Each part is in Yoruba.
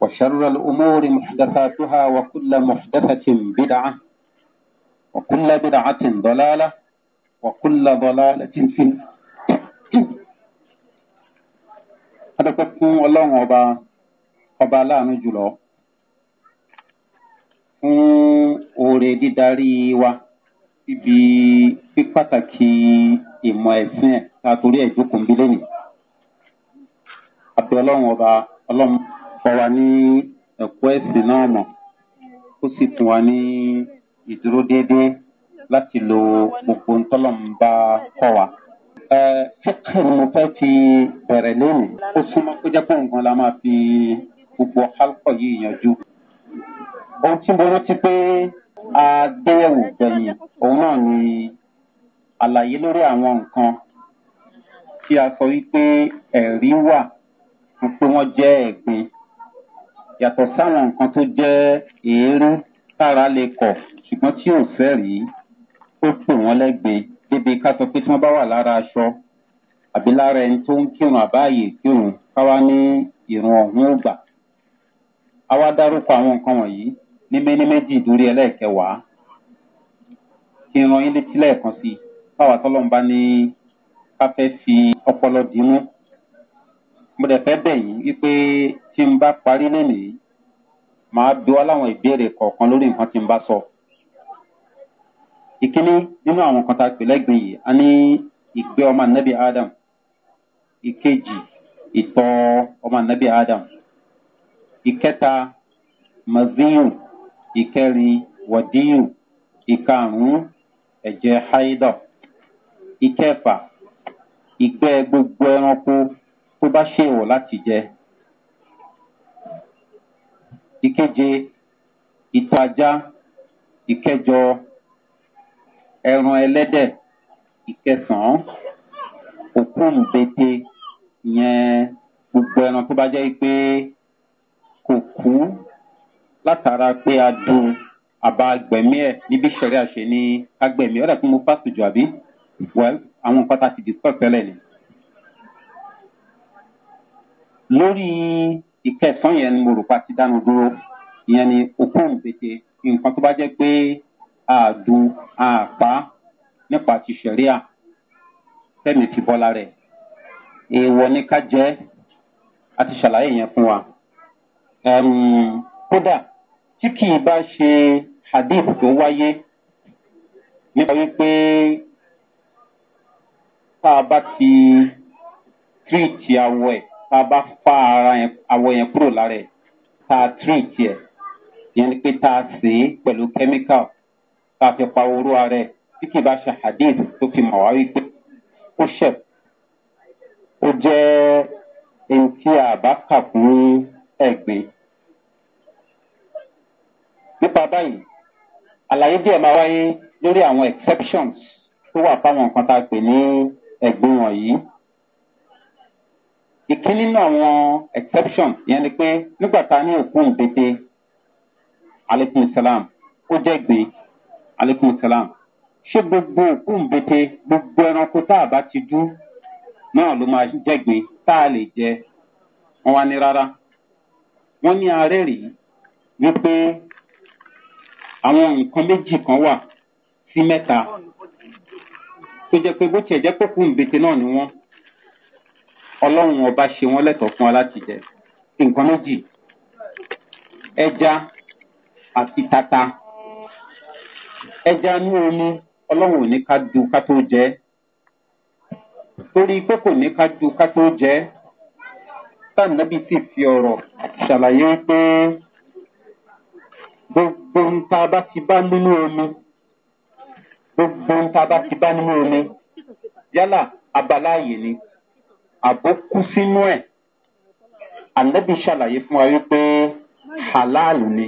وشر الأمور محدثاتها وكل محدثة بدعة وكل بدعة ضلالة وكل ضلالة في النار adọ́pẹ́ fún ọlọ́run ọba ọba aláàánú jùlọ fún oore dídarí wa síbi pípàtàkì ìmọ̀ ẹ̀sìn ẹ̀ ká torí ẹ̀ jókòó ń bí lónìí àti ọlọ́run ọba ọlọ́run kọ́ wa ní ẹ̀kọ́ ẹ̀sìn náà mọ̀ ó sì tún wa ní ìdúró déédéé láti lo gbogbo ntọ́lọ́mùbá kọ́ wa. fíkìrì mo fẹ́ fi bẹ̀rẹ̀ lónìí ó súnmọ́ kó jẹ́ pé nǹkan la máa fi gbogbo hálkọ̀ yìí yanjú. ohun tí mo rántí pé a gbéyẹ̀wò gbẹ̀yìn òun náà ni àlàyé lórí àwọn nǹkan tí a sọ wípé ẹ̀rí wà fún wọ́n jẹ́ ẹ̀gbin yàtọ̀ sáwọn nǹkan tó jẹ́ èérú tára lè kọ̀ ṣùgbọ́n tí ò fẹ́ rí ó pè wọ́n lẹ́gbẹ̀ẹ́ débi ká sọ pé tí wọ́n bá wà lára aṣọ àbí lára ẹni tó ń kírun àbáàyè kírun káwá ní ìrùn ọ̀hún ó gbà. àwa dárúkọ àwọn nǹkan wọ̀nyí ní méní ìdúrí ẹlẹ́ẹ̀kẹwàá kí n ran yín létí lẹ́ẹ̀kan sí i báwa tọ́lọ́n bá ní ká fẹ́ fi ọpọlọ dínú. mo dẹ̀ fẹ́ bẹ̀ wípé tí n bá parí lẹ́nìí màá bí wá láwọn ìbéèrè kọ̀ọ̀kan lórí nǹkan tí n bá sọ. ìkíní nínú àwọn kan tá a pè yìí a ní ìgbé ọmọ anabi adam ìkejì ìtọ́ ọmọ anabi adam ìkẹta maziyu ìkẹrin wadiyu ìkarùn-ún ẹ̀jẹ̀ gbogbo ẹranko tó bá ṣèwọ̀ ìkeje ìtọ̀ ajá ìkẹjọ ẹran ẹlẹ́dẹ̀ ìkẹsàn-án òkúùnbete ìyẹn gbogbo ẹran tó bá jẹ́ pé kò kú látara pé a dùn àbá gbẹ̀mí ẹ̀ níbi ìṣẹ̀rí àṣẹ ní agbẹ̀mí ọ̀dà tí mo fásitì jù àbí well àwọn nǹkan tá a ti discuss tẹ́lẹ̀ ni. lórí ìkẹsàn yẹn ni mo rò pa ti dánu dúró ìyẹn ni okun pété nǹkan tó bá jẹ́ pé àdù àpá nípa ti sẹ̀ríà tẹ́mi ti bọ́lá rẹ̀ èèwọ̀ ni ká jẹ́ a ti ṣàlàyé yẹn fún wa. kódà tí kì í bá ṣe hadith tó wáyé nípa wípé tá a bá ti tírìtì awọ ẹ̀ tá a bá fa ara yẹn awọ yẹn kúrò lára ẹ̀ tá a treat yẹ ìyẹn ni pé tá a sè é pẹ̀lú chemical tá a fi pa oró ara ẹ̀ tí kì í bá ṣe hadith tó fi mọ̀ wá wípé ó ṣẹ̀ ó jẹ́ ẹni tí a bá kà fún ẹ̀gbin. nípa báyìí àlàyé díẹ̀ máa wáyé lórí àwọn exceptions tó wà fáwọn nǹkan tá a pè ní ẹ̀gbin wọ̀nyí ìkíní nínú àwọn exception yẹn ni pé nígbà tá a ní òkú òdede aleykum salam ó jẹ́ gbé aleykum salam ṣé gbogbo òkú òdede gbogbo ẹranko tá a bá ti dú náà ló máa jẹ́ gbé tá a lè jẹ wọn wá ní rárá wọn ní arẹ́ rèé wípé àwọn nǹkan méjì kan wà sí mẹ́ta tó jẹ́ pé bó tiẹ̀ jẹ́ pé òkú òdede náà ni wọ́n ọlọ́run ọba ṣe wọ́n lẹ́tọ̀ọ́ fún wa láti jẹ nǹkan méjì ẹja àti tata ẹja ní omi ọlọ́run ò ní ká du ká tó jẹ torí pé kò ní ká du ká tó jẹ sànàbí sì fi ọ̀rọ̀ ṣàlàyé pé gbogbo ń bá ti bá nínú omi gbogbo ń bá ti bá nínú omi yálà abala yìí ni àbó kú sínú ẹ̀ ànábì ṣàlàyé fún wa wípé halal ni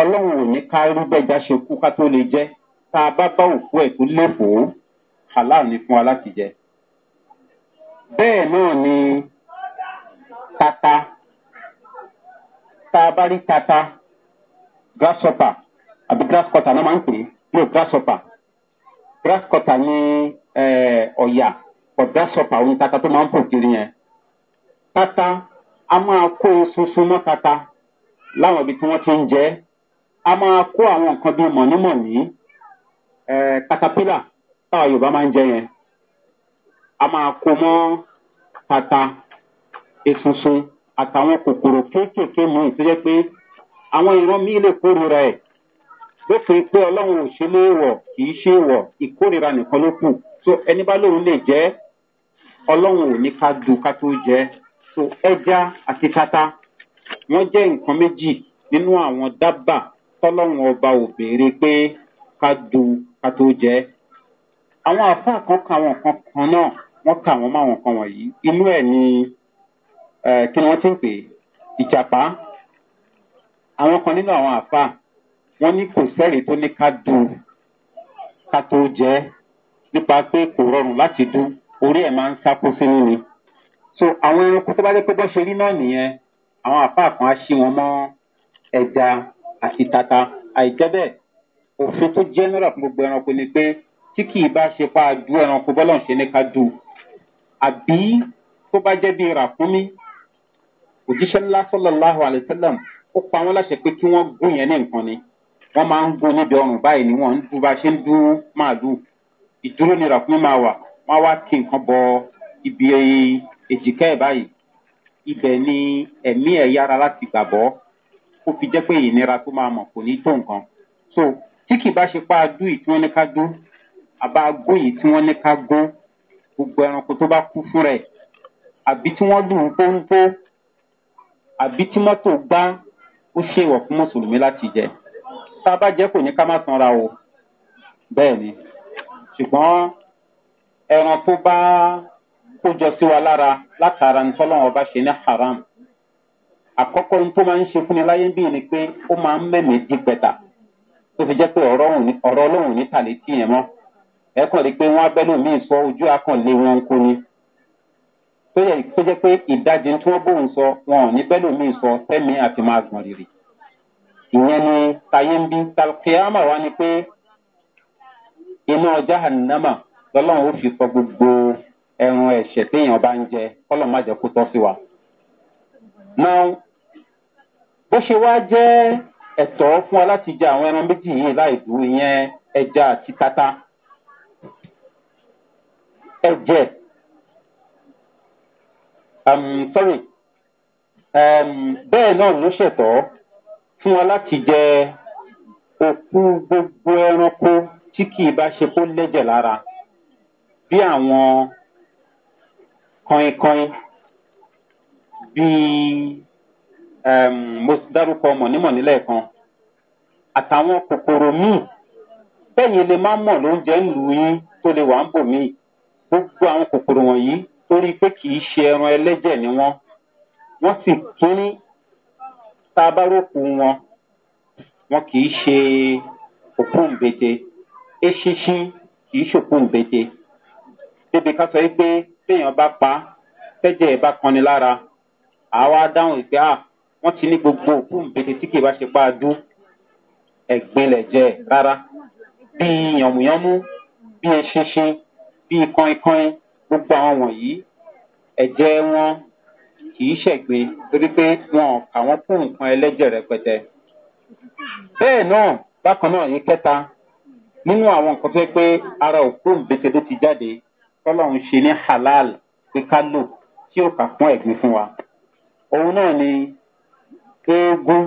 ọlọ́run ò ní ká rúgbẹ́já ṣe kú ká tó lè jẹ́ tá a bá bá òkú ẹ̀ tó léfòó halal ni fún wa láti jẹ bẹ́ẹ̀ náà ni tata tá a bá rí tata grasshopper àbí grasscutter náà máa ń pè é no grasshopper grasscutter ni eh, ọ̀yà. Eh, ọ̀dà sọ̀pà àwọn tata tó máa ń fò kiri yẹn tata a máa kó sunsun mọ́ tata láwọn ibi tí wọ́n ti ń jẹ́ a máa kó àwọn nǹkan bíi mọ̀nímọ̀ní katapila táwa yorùbá máa ń jẹ yẹn a máa kó mọ́ tata esunsun àtàwọn kòkòrò kéékèèké míì tó jẹ́ pé àwọn ìran míì lè kórira ẹ̀ lófin pé ọlọ́run ò ṣe léèwọ̀ kì í ṣe èèwọ̀ ìkórira nìkan ló kù so ẹni bá lóun lè jẹ́ ọlọ́run ò ní ká du ká tó jẹ so ẹja àti tata wọ́n jẹ́ nǹkan méjì nínú àwọn dábà tọ́lọ́run ọba ò béèrè pé ká du ká tó jẹ àwọn àfáà kan ka àwọn nǹkan kan náà wọ́n ka àwọn máwọn nǹkan wọ̀nyí inú ẹ̀ ni kí ni wọ́n ti ń pè ìjàpá àwọn kan nínú àwọn àfáà wọ́n ní kò sẹ́rìí tó ní ká du ká tó jẹ nípa pé kò rọrùn láti dún orí ẹ̀ máa ń sákó sínú ni. so àwọn ẹranko tó bá jẹ́ pé bọ́ ṣe rí náà nìyẹn àwọn àfáà kan á ṣí wọn mọ́ ẹja àti tata àìjẹ́ bẹ́ẹ̀ òfin tó general fún gbogbo ẹranko ni pé tí kì bá ṣe pa ju ẹranko bọ́lọ̀ ṣe ní ká du àbí tó bá jẹ́ bíi ràkúnmí òjíṣẹ́ ńlá sọ́lọ́láhu àlẹ́sẹ́lẹ̀m ó pa wọ́n láṣẹ pé kí wọ́n gún yẹn ní nǹkan ni wọ́n máa ń gún níbi ọrùn báyìí ni wọ́n ń du bá ṣe ń dú màálù ìdúró ni ràkúnmí máa wà wọn wá kí nǹkan bọ ibi èjìká ẹ báyìí ibẹ ni ẹmí ẹ yára láti gbàbọ ó fi jẹ pé ìnira tó máa mọ kò ní tó nǹkan so tí kì bá ṣe pa adú yìí tí wọn ní ká dú àbá agó yìí tí wọn ní ká gó gbogbo ẹranko tó bá kú fún rẹ àbí tí wọn dùn pónpó àbí tí mọtò gbá ó ṣe ìwọ fún mùsùlùmí láti jẹ tá a bá jẹ kò ní ká má sanra o bẹẹ ni ṣùgbọn. ẹran tó bá kójọ sí wa lára látara ntọ́lọ́wọ́n bá ṣe ní haram àkọ́kọ́ tó máa ń ṣe fúnni láyé bíi ni pé ó máa ń mẹ́mìí di pẹ̀tà tó fi jẹ́ pé ọ̀rọ̀ ọlọ́run ní tàlẹ́ tì yẹn mọ́ ẹ̀kan rí i pé wọ́n abẹ́lò míì sọ ojú akànlé wọn kú ni tó yẹ tó jẹ́ pé ìdajì tí wọ́n bóun sọ wọn ò ni tayé ń wa ni pé iná ọjà lọ́lọ́run ó fi pọ gbogbo ẹran ẹ̀ṣẹ̀ téèyàn bá ń jẹ kọ́lọ̀ má jẹ́ kó tọ́ sí wa. now bó ṣe wá jẹ́ ẹ̀tọ́ fún wa láti jẹ àwọn ẹran méjì yìí láì dúró ìyẹn ẹja àti tata ẹ̀jẹ̀ um, sorry um, bẹ́ẹ̀ náà ló ṣẹ̀tọ́ fún wa láti jẹ òkú gbogbo ẹranko tí kì í bá ṣe kó lẹ́jẹ̀ lára bí àwọn kọ́ínkọ́ín bíi mo dárúkọ mọ̀nímọ̀ní lẹ́ẹ̀kan àtàwọn kòkòrò míì bẹ́yìn lè má mọ̀ lóúnjẹ ń lù yín tó lè wà ń bò míì gbogbo àwọn kòkòrò wọ̀nyí torí pé kì í ṣe ẹran ẹlẹ́jẹ̀ ni wọ́n wọ́n sì tún tá a bá rókù wọn wọn kì í ṣe òkú ǹbete eṣinṣin kì í ṣòkú ǹbete débi ká sọ pé téèyàn bá pa tẹ́jẹ̀ ẹ̀ bá kanni lára àwa dáhùn ìgbé à ah, wọ́n ti ní gbogbo òkú nbèdè tí kì í bá ṣe pa adú ẹ̀gbin lẹ̀ jẹ́ rárá bí yànmùyánmú bí eṣinṣin bí kọ́ńkọ́ń gbogbo àwọn wọ̀nyí ẹ̀jẹ̀ wọn kì í ṣẹ̀gbin torí pé wọn kà wọ́n kún nǹkan ẹlẹ́jẹ̀ rẹpẹtẹ. bẹ́ẹ̀ náà bákan náà yìí kẹta nínú àwọn nǹkan tó yẹ pé ara òkú nbèdè ló ti jáde tọ́lọ́run ṣe ní halal pé ká lò tí ò kà fún ẹ̀gbin fún wa. òun náà ni eégún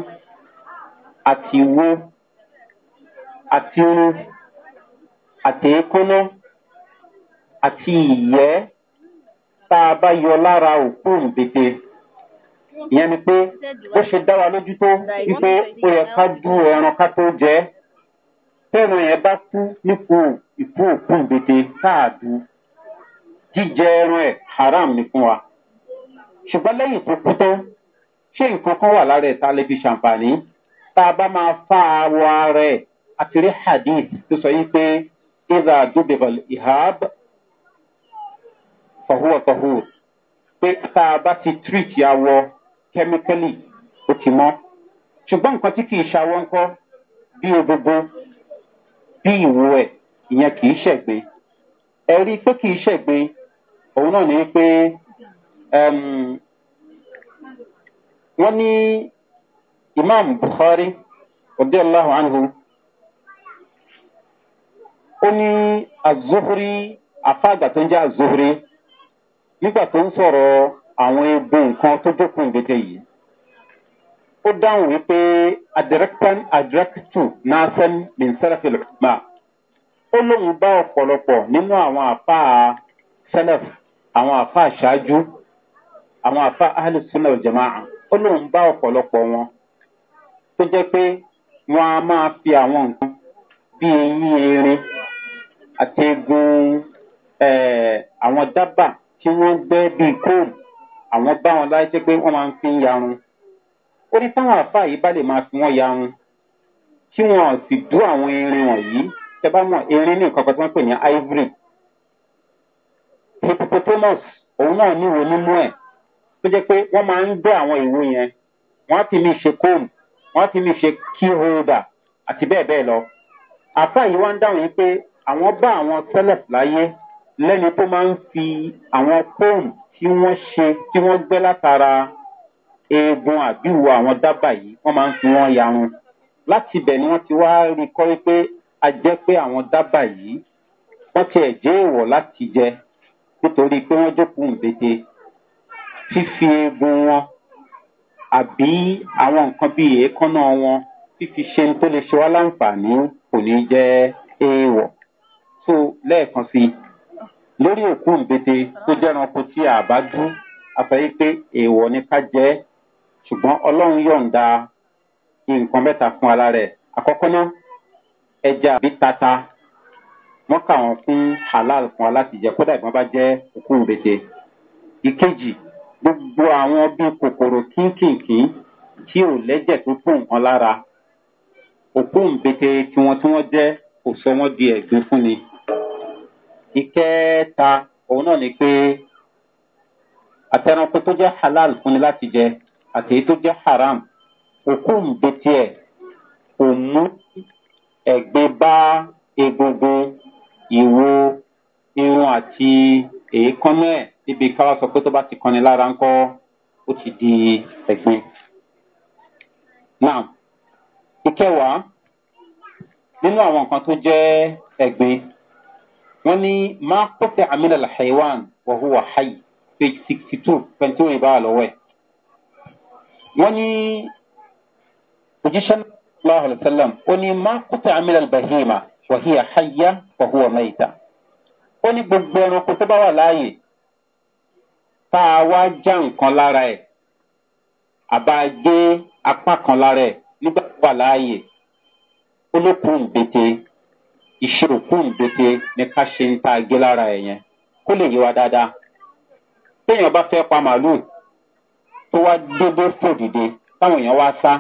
àti ìwo àti irun àti èékánná àti ìyẹ́ tá a bá yọ lára òkú òǹbèdè ìyẹn ni pé ó ṣe dá wa lójú tó wípé ó yẹ ká du ẹran ká tó jẹ tẹ́ran yẹn bá kú nípò ìkú òkú òǹbèdè káàdùn jíjẹ ẹran ẹ̀ haram ni fún wa ṣùgbọ́n lẹ́yìn tó kú tán ṣé nǹkan kan wà lára ẹ̀ tá a lè fi ṣàǹfààní tá a bá máa fa awọ ara ẹ̀ àti rí hadith tó sọ yìí pé ìdá dúbìbọ̀l ìhàb fọ̀húwọ̀tọ̀hù pé tá a bá ti tírìtì awọ kẹ́míkẹ́lì ó ti mọ́ ṣùgbọ́n nǹkan tí kì ṣawọ́ ńkọ́ bí ogogo bí ìwo ẹ̀ ìyẹn kì í ẹ̀rí pé kì í òun náà ni pé wọ́n ní imam buhari ọdí aláhùn anhu ó ní azuhuri afáàgbà tó ń jẹ́ azuhuri nígbà tó ń sọ̀rọ̀ àwọn egbò nǹkan tó jókòó ìgbẹ́jẹ yìí ó dáhùn wípé adirektan adirektu nasan bin ma ó lóun bá ọ̀pọ̀lọpọ̀ nínú àwọn àfáà àwọn àfa àṣáájú àwọn àfa ahlùsùnà òjàmáà ó lóun bá ọ̀pọ̀lọpọ̀ wọn tó jẹ́ pé wọ́n a máa fi àwọn nǹkan bíi eyín erin àti egun àwọn dábà tí wọ́n gbẹ́ bíi kóòmù àwọn bá wọn láyé pé wọ́n máa ń yarun ó ní táwọn àfa yìí bá lè máa fi wọ́n yarun tí sì dú àwọn wọ̀nyí bá ní nǹkan kan tí wọ́n thomas òun náà níwèé nínú ẹ̀ tó jẹ́ pé wọ́n máa ń gbé àwọn ìwé yẹn wọ́n á ti mi ṣe comb wọ́n á ti mi ṣe key holder àti bẹ́ẹ̀ bẹ́ẹ̀ lọ. àfa yìí wá ń dáhùn yìí pé àwọn bá àwọn celeb láyé lẹ́ni tó máa ń fi àwọn comb tí wọ́n ṣe tí wọ́n gbé látara eegun àbíwò àwọn dábàá yìí wọ́n máa ń fi wọ́n yarun láti ibẹ̀ ni wọ́n ti wá rí kọ́ pé a jẹ́ pé àwọn dábàá yìí wọ́n ti ẹ̀ jẹ́ èèwọ̀ láti jẹ nítorí pé wọ́n jókòó ìbèdè fífi eegun wọn àbí àwọn nǹkan bíi èékánná wọn fífi ṣe tó lè ṣe wá láǹfààní kò ní jẹ́ èèwọ̀ tó lẹ́ẹ̀kan sí lórí òkú ìbèdè tó jẹ́ ẹranko tí a bá dú àfẹ́yí pé èèwọ̀ ni ká jẹ́ ṣùgbọ́n ọlọ́run yọ̀ǹda nǹkan mẹ́ta fún ara rẹ̀ àkọ́kọ́ náà ẹja àbí tata wọn kà wọn fún halal fún wa láti jẹ kódà ìgbọn bá jẹ òkú òbèdè ìkejì gbogbo àwọn bíi kòkòrò kínkìnkín tí ò lẹjẹ tó fún nǹkan lára òkú òbèdè tiwọn tí wọn jẹ kò sọ wọn di ẹgbin fún ni ìkẹta òun náà ni pé àtẹnukú tó jẹ halal fún ni láti jẹ àtẹyí tó jẹ haram òkú òbèdè ẹ kò mú ẹgbẹ bá egungun ìwo irun àti èékánná ẹ̀ níbi ká wá sọ pé tó bá ti kanni lára ńkọ́ ó ti di ẹ̀gbin. Now, ìkẹwàá nínú àwọn nǹkan tó jẹ́ ẹ̀gbin wọ́n ní máa kọ́tẹ̀ amínà làhẹ́wàn wọ̀húwà háì page sixty two twenty two ìbára lọ́wọ́ ẹ̀. wọ́n ní òjíṣẹ́ náà lọ́wọ́ àlùfẹ́lẹ́m ó ní máa kọ́tẹ̀ amínà làhẹ́wàn wàhí àháyá wàhú ọmọ ìta. ó ní gbogbo ẹranko tó bá wà láàyè tá a wá já nǹkan lára ẹ̀ àbá gé apá kan lára ẹ̀ nígbà tó wà láàyè olókùn ǹbete ìṣeròkùn ǹbete ní ká ṣe ń ta gé lára ẹ̀ yẹn kó lè yé wa dáadáa. téèyàn bá fẹ́ pa màálù tó wá débó fò dìde táwọn èèyàn wá sá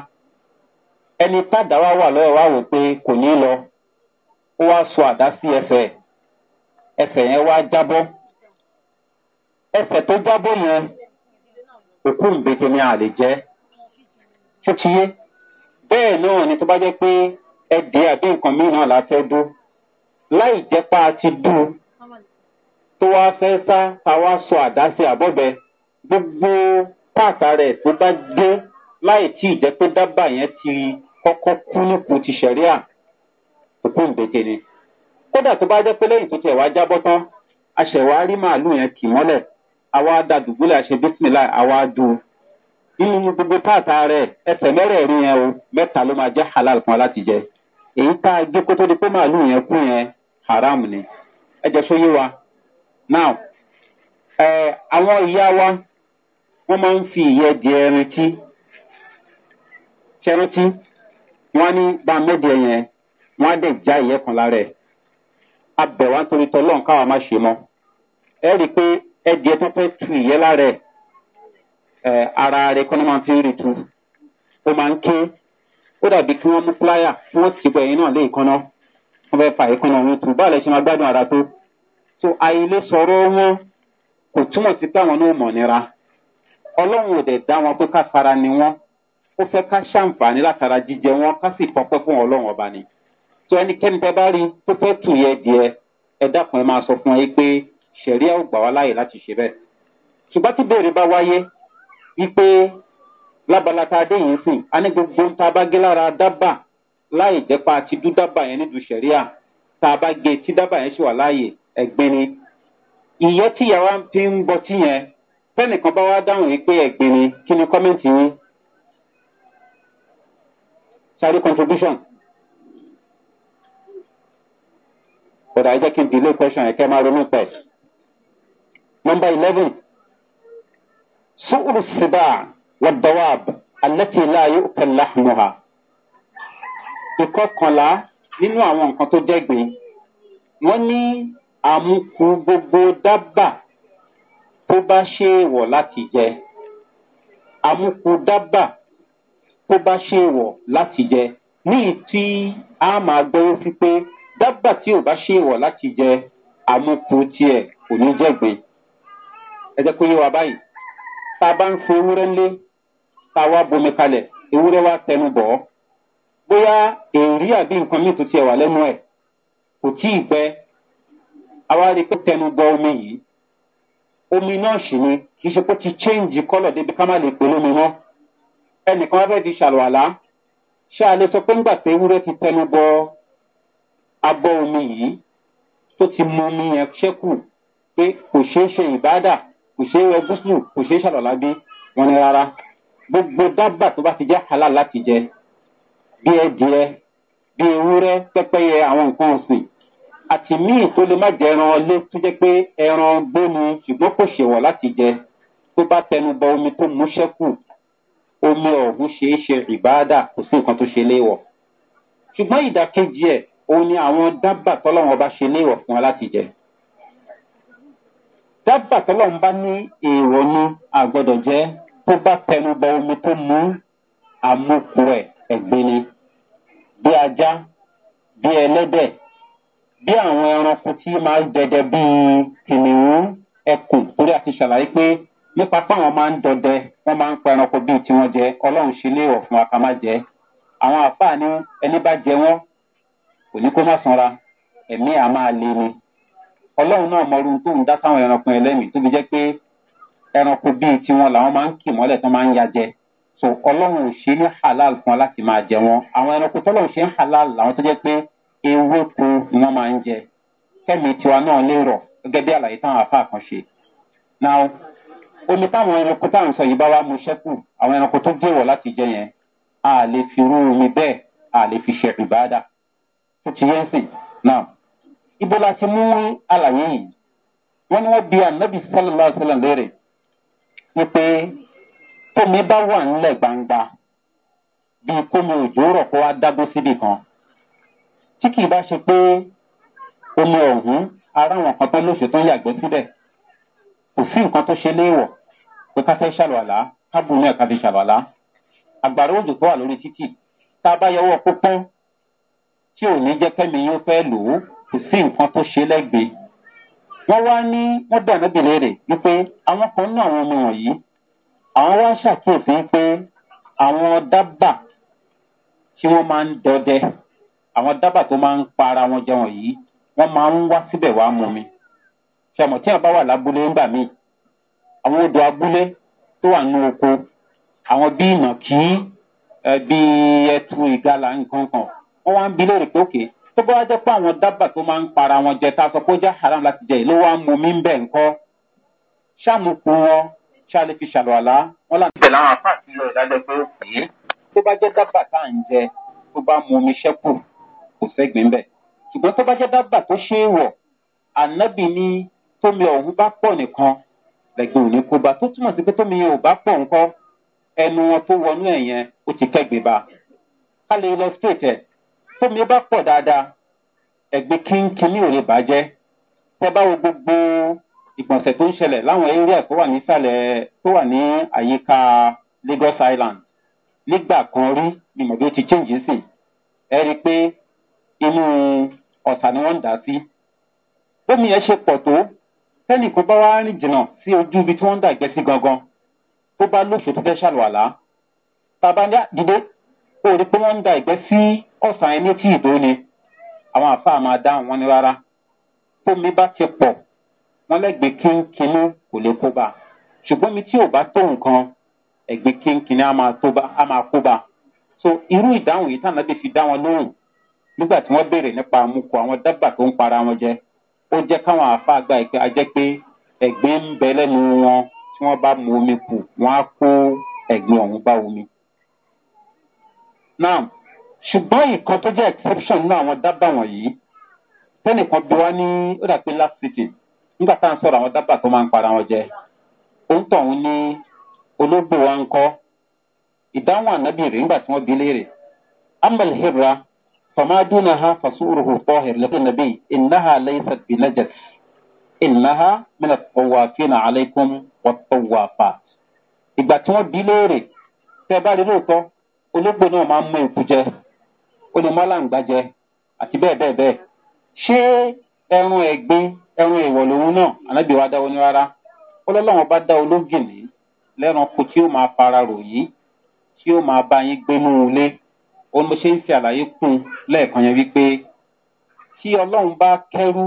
ẹni tá àdáwà wà lọ́wọ́ wá wò pé kò ní lọ ó wá sọ àdá sí ẹsẹ̀ ẹsẹ̀ yẹn wá jábọ́ ẹsẹ̀ tó jábọ́ yẹn òkú ìbejì ni a lè jẹ́ títíyé bẹ́ẹ̀ náà ni tó bá jẹ́ pé ẹ̀dẹ́ àbí nǹkan mìíràn la fẹ́ dún láì jẹ́ pa ti dùn tó wá fẹ́ sá ta wá sọ àdá sí àbọ̀bẹ gbogbo pàtà rẹ̀ tó bá dé láì tí ì jẹ́ pé dábàá yẹn ti kọ́kọ́ kú nípò ti ṣẹ̀ríà. òpóǹbeke ni kódà tó bá jẹ́ pé lẹ́yìn tó tiẹ̀ wá jábọ́ tán rí màálù yẹn kì àwa da àṣẹ du nínú gbogbo táàtà yẹn o mẹ́ta ló máa jẹ́ halal fún wa láti jẹ èyí tá a gé kó di haram ni ẹ wa now ẹ àwọn ìyá wa wọ́n máa fi ìyẹ́ di ẹrin tí ṣẹrántí wọn á dẹ̀ já ìyẹ́ kan lára ẹ̀ abẹ̀wá nítorí tọ́lọ́run káwa má ṣe mọ́ ẹ rí i pé ẹdìẹ tó fẹ́ tu ìyẹ́ lára ẹ̀ ẹ̀ ara rẹ̀ kọ́ni máa fi ń rí tu ó máa ń ké ó dàbí kí wọ́n mú pláyà kí wọ́n ti bọ̀ ẹ̀yìn náà lé ìkànnà wọ́n fẹ́ fà ìkànnà òun tu báà lẹ ṣe máa gbádùn ara tó so àìlè sọ̀rọ̀ wọn kò túmọ̀ sí pé àwọn náà mọ̀ nira ọlọ́run ò dẹ̀ dá wọn pé ká fara ni wọn ó fẹ́ ká ṣàǹfààní látara jíjẹ wọn ká sì fọpẹ́ fún ọlọ́run ọba ni tó ẹnikẹ́ni tẹ bá rí tó fẹ́ tù yẹ díẹ̀ ẹ dákun ẹ máa sọ fún ẹ pé sẹ̀ríà ò gbà wá láàyè láti ṣe bẹ́ẹ̀. ṣùgbọ́n tí béèrè bá wáyé wípé lábala tá a dé yìí sìn a ní gbogbo tá a bá gé lára dábà láì jẹ́pá àti dú dábà yẹn nídùú sẹ̀ríà tá a bá gé tí dábà yẹn ṣì wà láàyè ẹ̀gbin ni. ìyẹ́ tí yàrá fi ń bọ tí yẹn fẹ́nìkan bá wá dáhùn wípé ẹ̀gbin ni kí ni kọ́mẹ́ǹtì yín. sáré contribution. ọ̀dà ẹ jẹ́ kí n delay question yẹn kẹ́ máa ronú pẹ̀. number eleven su'uru siba wa dawab alẹ́tì láàyè òkèlá muha. ìkọkànlá nínú àwọn nǹkan tó jẹ́gbìn wọ́n ní àmukù gbogbo dábà tó bá ṣe é wọ̀ láti jẹ àmukù dábà tó bá ṣe é wọ̀ láti jẹ ní ìtí a máa gbọ́ sí pé. dábàá tí ò bá ṣe wọ̀ láti jẹ amúkú tiẹ̀ kò ní jẹ́gbin ẹ jẹ́ wa báyìí tá a bá ń fi ewúrẹ́ tá a wá bomi kalẹ̀ wa tẹnu bọ̀ ọ́ bóyá èrí àbí nǹkan míì tó tiẹ̀ wà lẹ́nu ẹ̀ kò tí ì àwa rí i tẹnu bọ omi yìí omi náà sì ni kì í ṣe pé ti chéǹjì kọ́lọ̀ débi ká má lè pè lómi mọ́ ẹnìkan wá fẹ́ di ti tẹnu bọ abọ́ omi yìí tó ti mu omi yẹn ṣẹ́kù pé kò ṣeé ṣe ìbádà kò ṣeé wẹ gúúsù kò ṣeé ṣàlọ́lá bí wọn ni rárá gbogbo dábà tó bá ti jẹ́ halal láti jẹ bí ẹdìẹ bí ewúrẹ́ pẹ́pẹ́yẹ àwọn nǹkan ọ̀sìn àti míì tó lè má jẹ ẹran ọlé tó jẹ́ pé ẹran gbóni ṣùgbọ́n kò ṣèwọ̀ láti jẹ tó bá tẹnu bọ omi tó mú ṣẹ́kù omi ọ̀hún ṣeé ṣe ìbáadà kò sí nǹkan tó ṣe léwọ̀ ṣùgbọ́n ìdàkejì ẹ̀ òun ni àwọn dábà tọ́lọ́wọ́n bá ṣe ní ìwọ̀ fún wa láti jẹ. dábà tọ́lọ́wọ́n bá ní èèwọ̀ ni àgbọ̀dọ̀ jẹ́ tó bá tẹnu bọ omi tó mú àmúkù ẹ̀ ẹ̀gbin ni. bí ajá bí ẹlẹ́dẹ̀ bí àwọn ẹranko tí máa ń dẹdẹ bíi kìnìún ẹkùn torí àti ṣàlàyé pé nípa páwọn máa ń dọdẹ wọn máa ń pa ẹranko bíi tiwọn jẹ ọlọ́run ṣe léèwọ̀ fún wa ká má jẹ àwọn àfáà ní ẹni bá jẹ wọn kò ní kó má sanra ẹ̀mí à máa le ni ọlọ́run náà mọrú tó ń dá sáwọn ẹranko ẹlẹ́mìí tó fi jẹ́ pé ẹranko bíi tiwọn làwọn máa ń kì mọ́lẹ̀ tó máa ń ya jẹ so ọlọ́run ò ṣe ní halal fún ọ láti máa jẹ wọn àwọn ẹranko tọ́lọ́run ṣe ń halal làwọn tó jẹ́ pé ewéko ni wọ́n máa ń jẹ kẹ́mi tiwa náà lè rọ̀ gẹ́gẹ́ bí àlàyé táwọn afá kan ṣe. now omi táwọn ẹranko táwọn sọ yìí bá wá mu ṣẹ́kù àwọn ẹranko tó gbéwọ̀ láti jẹ yẹn a lè fi rú omi bẹ́ẹ̀ a lè fi ṣe ìbáadà ó ti yẹn sìn náà ibo la ti mú àlàyé yìí wọn ni wọn bi anabi sọlọlá sọlọ léèrè wípé tómi bá wà nílẹ gbangba bíi kómi òjò rọ kó wá dágbó síbì kan tí kì í bá ṣe pé omi ọ̀hún ara àwọn kan tó lóṣù tó yàgbẹ́ síbẹ̀ kò sí nǹkan tó ṣe léèwọ̀ pé ká fẹ́ ṣàlùwàlá ká bù ní ẹ̀ka fi ṣàlùwàlá àgbàrá òjò tó wà lórí títì tá a bá yọwọ́ pópọ́n tí ò ní jẹ́ kẹ́mi yóò fẹ́ lò ó kò sí nǹkan tó ṣe lẹ́gbẹ̀ẹ́. wọ́n wá ní wọ́n dà níbi léèrè wípé àwọn kan ní àwọn ọmọ wọ̀nyí àwọn wá ṣàkíyèsí pé àwọn dábà tí wọ́n máa ń dọdẹ àwọn dábà tó máa ń pa ara wọn jẹ wọ̀nyí wọ́n máa ń wá síbẹ̀ wá mú mi. ṣàmọ̀ tí a bá wà lábúlé ńgbà míì àwọn odò abúlé tó wà nínú oko àwọn bí ìnàkí bíi ẹtu ìgalà nǹkan kan wọn wá ń bi léèrè pé òkè tó bá jẹ́ pé àwọn dábà tó máa ń para wọn jẹ tá a sọ pé ó jẹ́ haram láti jẹ ló wá ń mu mí bẹ́ẹ̀ ńkọ́ ṣáàmù kú wọn ṣáàlì fi ṣàlùwàlá wọn là ń tẹ̀lé àwọn afá àti ilé ìdájọ́ pé ó pè é tó bá jẹ́ dábà tá à ń jẹ tó bá mu omi ṣẹ́kù kò sẹ́gbìn bẹ́ẹ̀ ṣùgbọ́n tó bá jẹ́ dábà tó ṣe é wọ̀ ànábì ni tómi ọ̀hún bá pọ̀ nìkan lẹ́gbẹ̀ẹ́ òní kó bá tó túmọ̀ sí pé tómi yẹn bá pọ̀ ńkọ́ ẹnu wọn tó wọnú ẹ̀yẹn ó ti kẹ́gbìn bá a ká lè illustrate ẹ̀ tómi bá pọ̀ dáadáa ẹ̀gbin kínkínní ò lè bàjẹ́ tẹ bá wo gbogbo ìgbọ̀nsẹ̀ tó ń ṣẹlẹ̀ láwọn area tó wà nísàlẹ̀ tó wà ní àyíká lagos island nígbà kan rí ni mọ̀bí ó ti change sí ẹ rí i pé inú ọ̀sà ni wọ́n ń dà sí bómi ẹ ṣe pọ̀ tó tẹ́nìkan bá wá rìn jìnnà sí ojú ibi tí wọ́n ń dàgbẹ́ sí gangan tó bá lóṣù tó fẹ́ ṣàlùwàlá bàbá dìde o rí pé wọ́n ń da ìgbẹ́ sí ọ̀sán ẹni tí ni àwọn àfa máa dáhùn wọn ní rárá tómi bá ti pọ̀ wọ́n lẹ́gbẹ̀ẹ́ kínkínú kò lè kó bá ṣùgbọ́n mi tí ò bá tó nǹkan ẹ̀gbẹ́ kínkínú á máa kó ba so irú ìdáhùn yìí tànà lè fi dá wọn lóhùn nígbà tí wọ́n béèrè nípa amúkọ àwọn dábàá tó ń para wọn jẹ ó jẹ́ káwọn àfa ìpè wọn tí wọ́n mu omi kù wọ́n á kó ọ̀hún bá omi. náà ṣùgbọ́n ìkan tó jẹ́ exception nínú àwọn dábà wọ̀nyí tẹ́nìkan bí wá ní ó dà pé last city nígbà tá à ń sọ̀rọ̀ àwọn dábà tó máa ń para wọn jẹ òun tọ̀hún ní ológbò wa ń kọ́ ìdáhùn ànábì rè nígbà tí wọ́n bí léèrè amal hibra famaduna ha fasuruhu tọ́hìr lẹ́fẹ̀ nàbí ìnáha laysat bi najas ìnáha mina tọwafina alaykum wa tọwafa ìgbà tí wọ́n bí léèrè tẹ́ bá rí lóòótọ́ ológbò náà máa ń mú eku jẹ ó lè mú alàǹgbá jẹ àti bẹ́ẹ̀ bẹ́ẹ̀ bẹ́ẹ̀ ṣé ẹran ẹ̀gbin ẹran ìwọ̀ lòun náà ànábì wa dáwọ́ ní rárá ó lọ́lọ́wọ́n bá dá ológìnní lẹ́ranko tí ó máa fara rò yìí tí ó máa bá yín gbénú ilé ó mo ṣe ń ṣe àlàyé kún un lẹ́ẹ̀kan yẹn wípé tí ọlọ́run bá kẹ́rú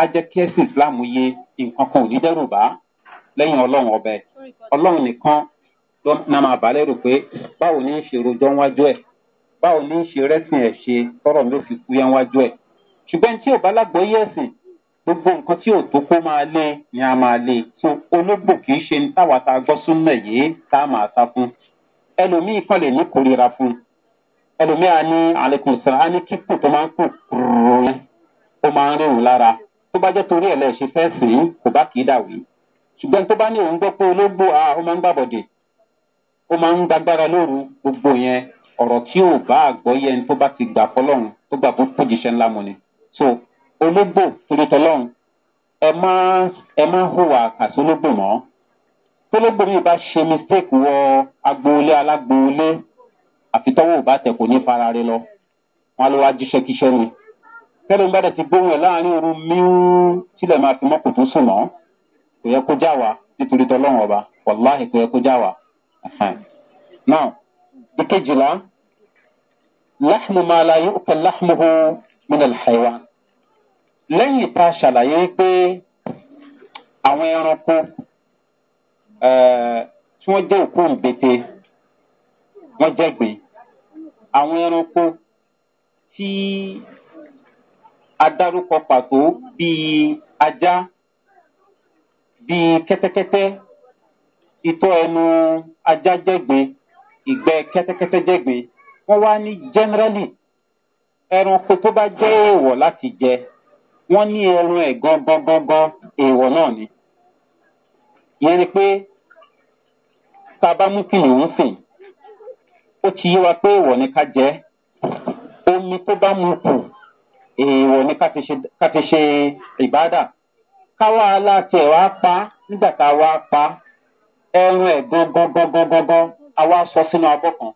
á jẹ́ kí ẹ̀sìn islam yé nǹkan kan ò ní dẹ́rù bá lẹ́yìn ọlọ́run ọbẹ̀ ọlọ́run nìkan náà máa bà lérò pé báwo ní í ṣe rojọ́ wájú ẹ̀ báwo ní í ṣe rẹ́sìn ẹ̀ ṣe tọrọ ló fi kú yẹn wájú ẹ̀ ṣùgbọ́n tí ò bá lágbóyè ẹ̀sìn gbogbo nǹkan tí ò tó kó máa lé ni a máa lé so ológbò kì í ṣe táwa tá a gbọ́ súnmọ́ yìí tá a máa sá fún ẹlòmíì kan lè ní kórira fún ẹlòmíì á ní àlékún sara á ní kíkù tó máa ń kù rúrú ó máa ń rírun lára tó bá jẹ́ torí ẹ̀ lẹ́ẹ̀ṣẹ̀ fẹ́ sìn kò bá kì í dà ṣùgbọ́n tó bá ní òun gbọ́ pé ológbò a ó máa ń gbàbọ̀dè ó máa ń gbàgbára lóru gbogbo yẹn ọ̀rọ̀ tí ò bá àgbọ́yé ẹni tó bá ti gbà fọlọ́run tó gbà tó pòjìṣẹ́ ńlá mu ni. so ológbò torítọ́lọ́run ẹ má ẹ má hùwà àti ológbò mọ́ tólógbò mi bá ṣe mistake wọ agboolé alágboolé àfitọ́wọ́ ò bá tẹ̀ kò ní fara rẹ lọ wọn ló wá jíṣẹ́ kíṣẹ́ ni tẹ́lẹ̀ ń bá dẹ̀ ti gbóhùn ẹ̀ láàrin ooru míú tílẹ̀ máa fi mọ́kò sùn mọ́ kò yẹ kó já wa nítorí tọ́lọ́run ọba wàláhì kò yẹ kó já wa now ìkejìlá láhùmù máa la yóò kọ láhùmù hù mìíràn hàìwá lẹ́yìn tá a ṣàlàyé pé àwọn ẹranko eh, tí wọ́n jẹ́ òkú ìbètè wọ́n jẹ́gbìn àwọn ẹranko tí adárúkọ pàtó bíi ajá bíi kẹ́tẹ́kẹ́tẹ́ ìtọ́ ẹnu ajá jẹ́gbin ìgbẹ́ kẹ́tẹ́kẹ́tẹ́ jẹ́gbin wọ́n wá ní generally ẹranko tó bá jẹ́ èèwọ̀ láti jẹ wọ́n ní ẹran ẹ̀ gangan èèwọ̀ náà ni. ìyẹn ni pé tá a bá mú kìnìún sìn ó ti yé wa pé èèwọ̀ ni ká jẹ́ omi tó bá mu kù èèwọ̀ ni ká fi ṣe ìbádà káwa aláàtẹ̀ wá pa nígbà tá a wá pa ẹran ẹ̀ gangangangangan àwa sọ sínú abọ́ kan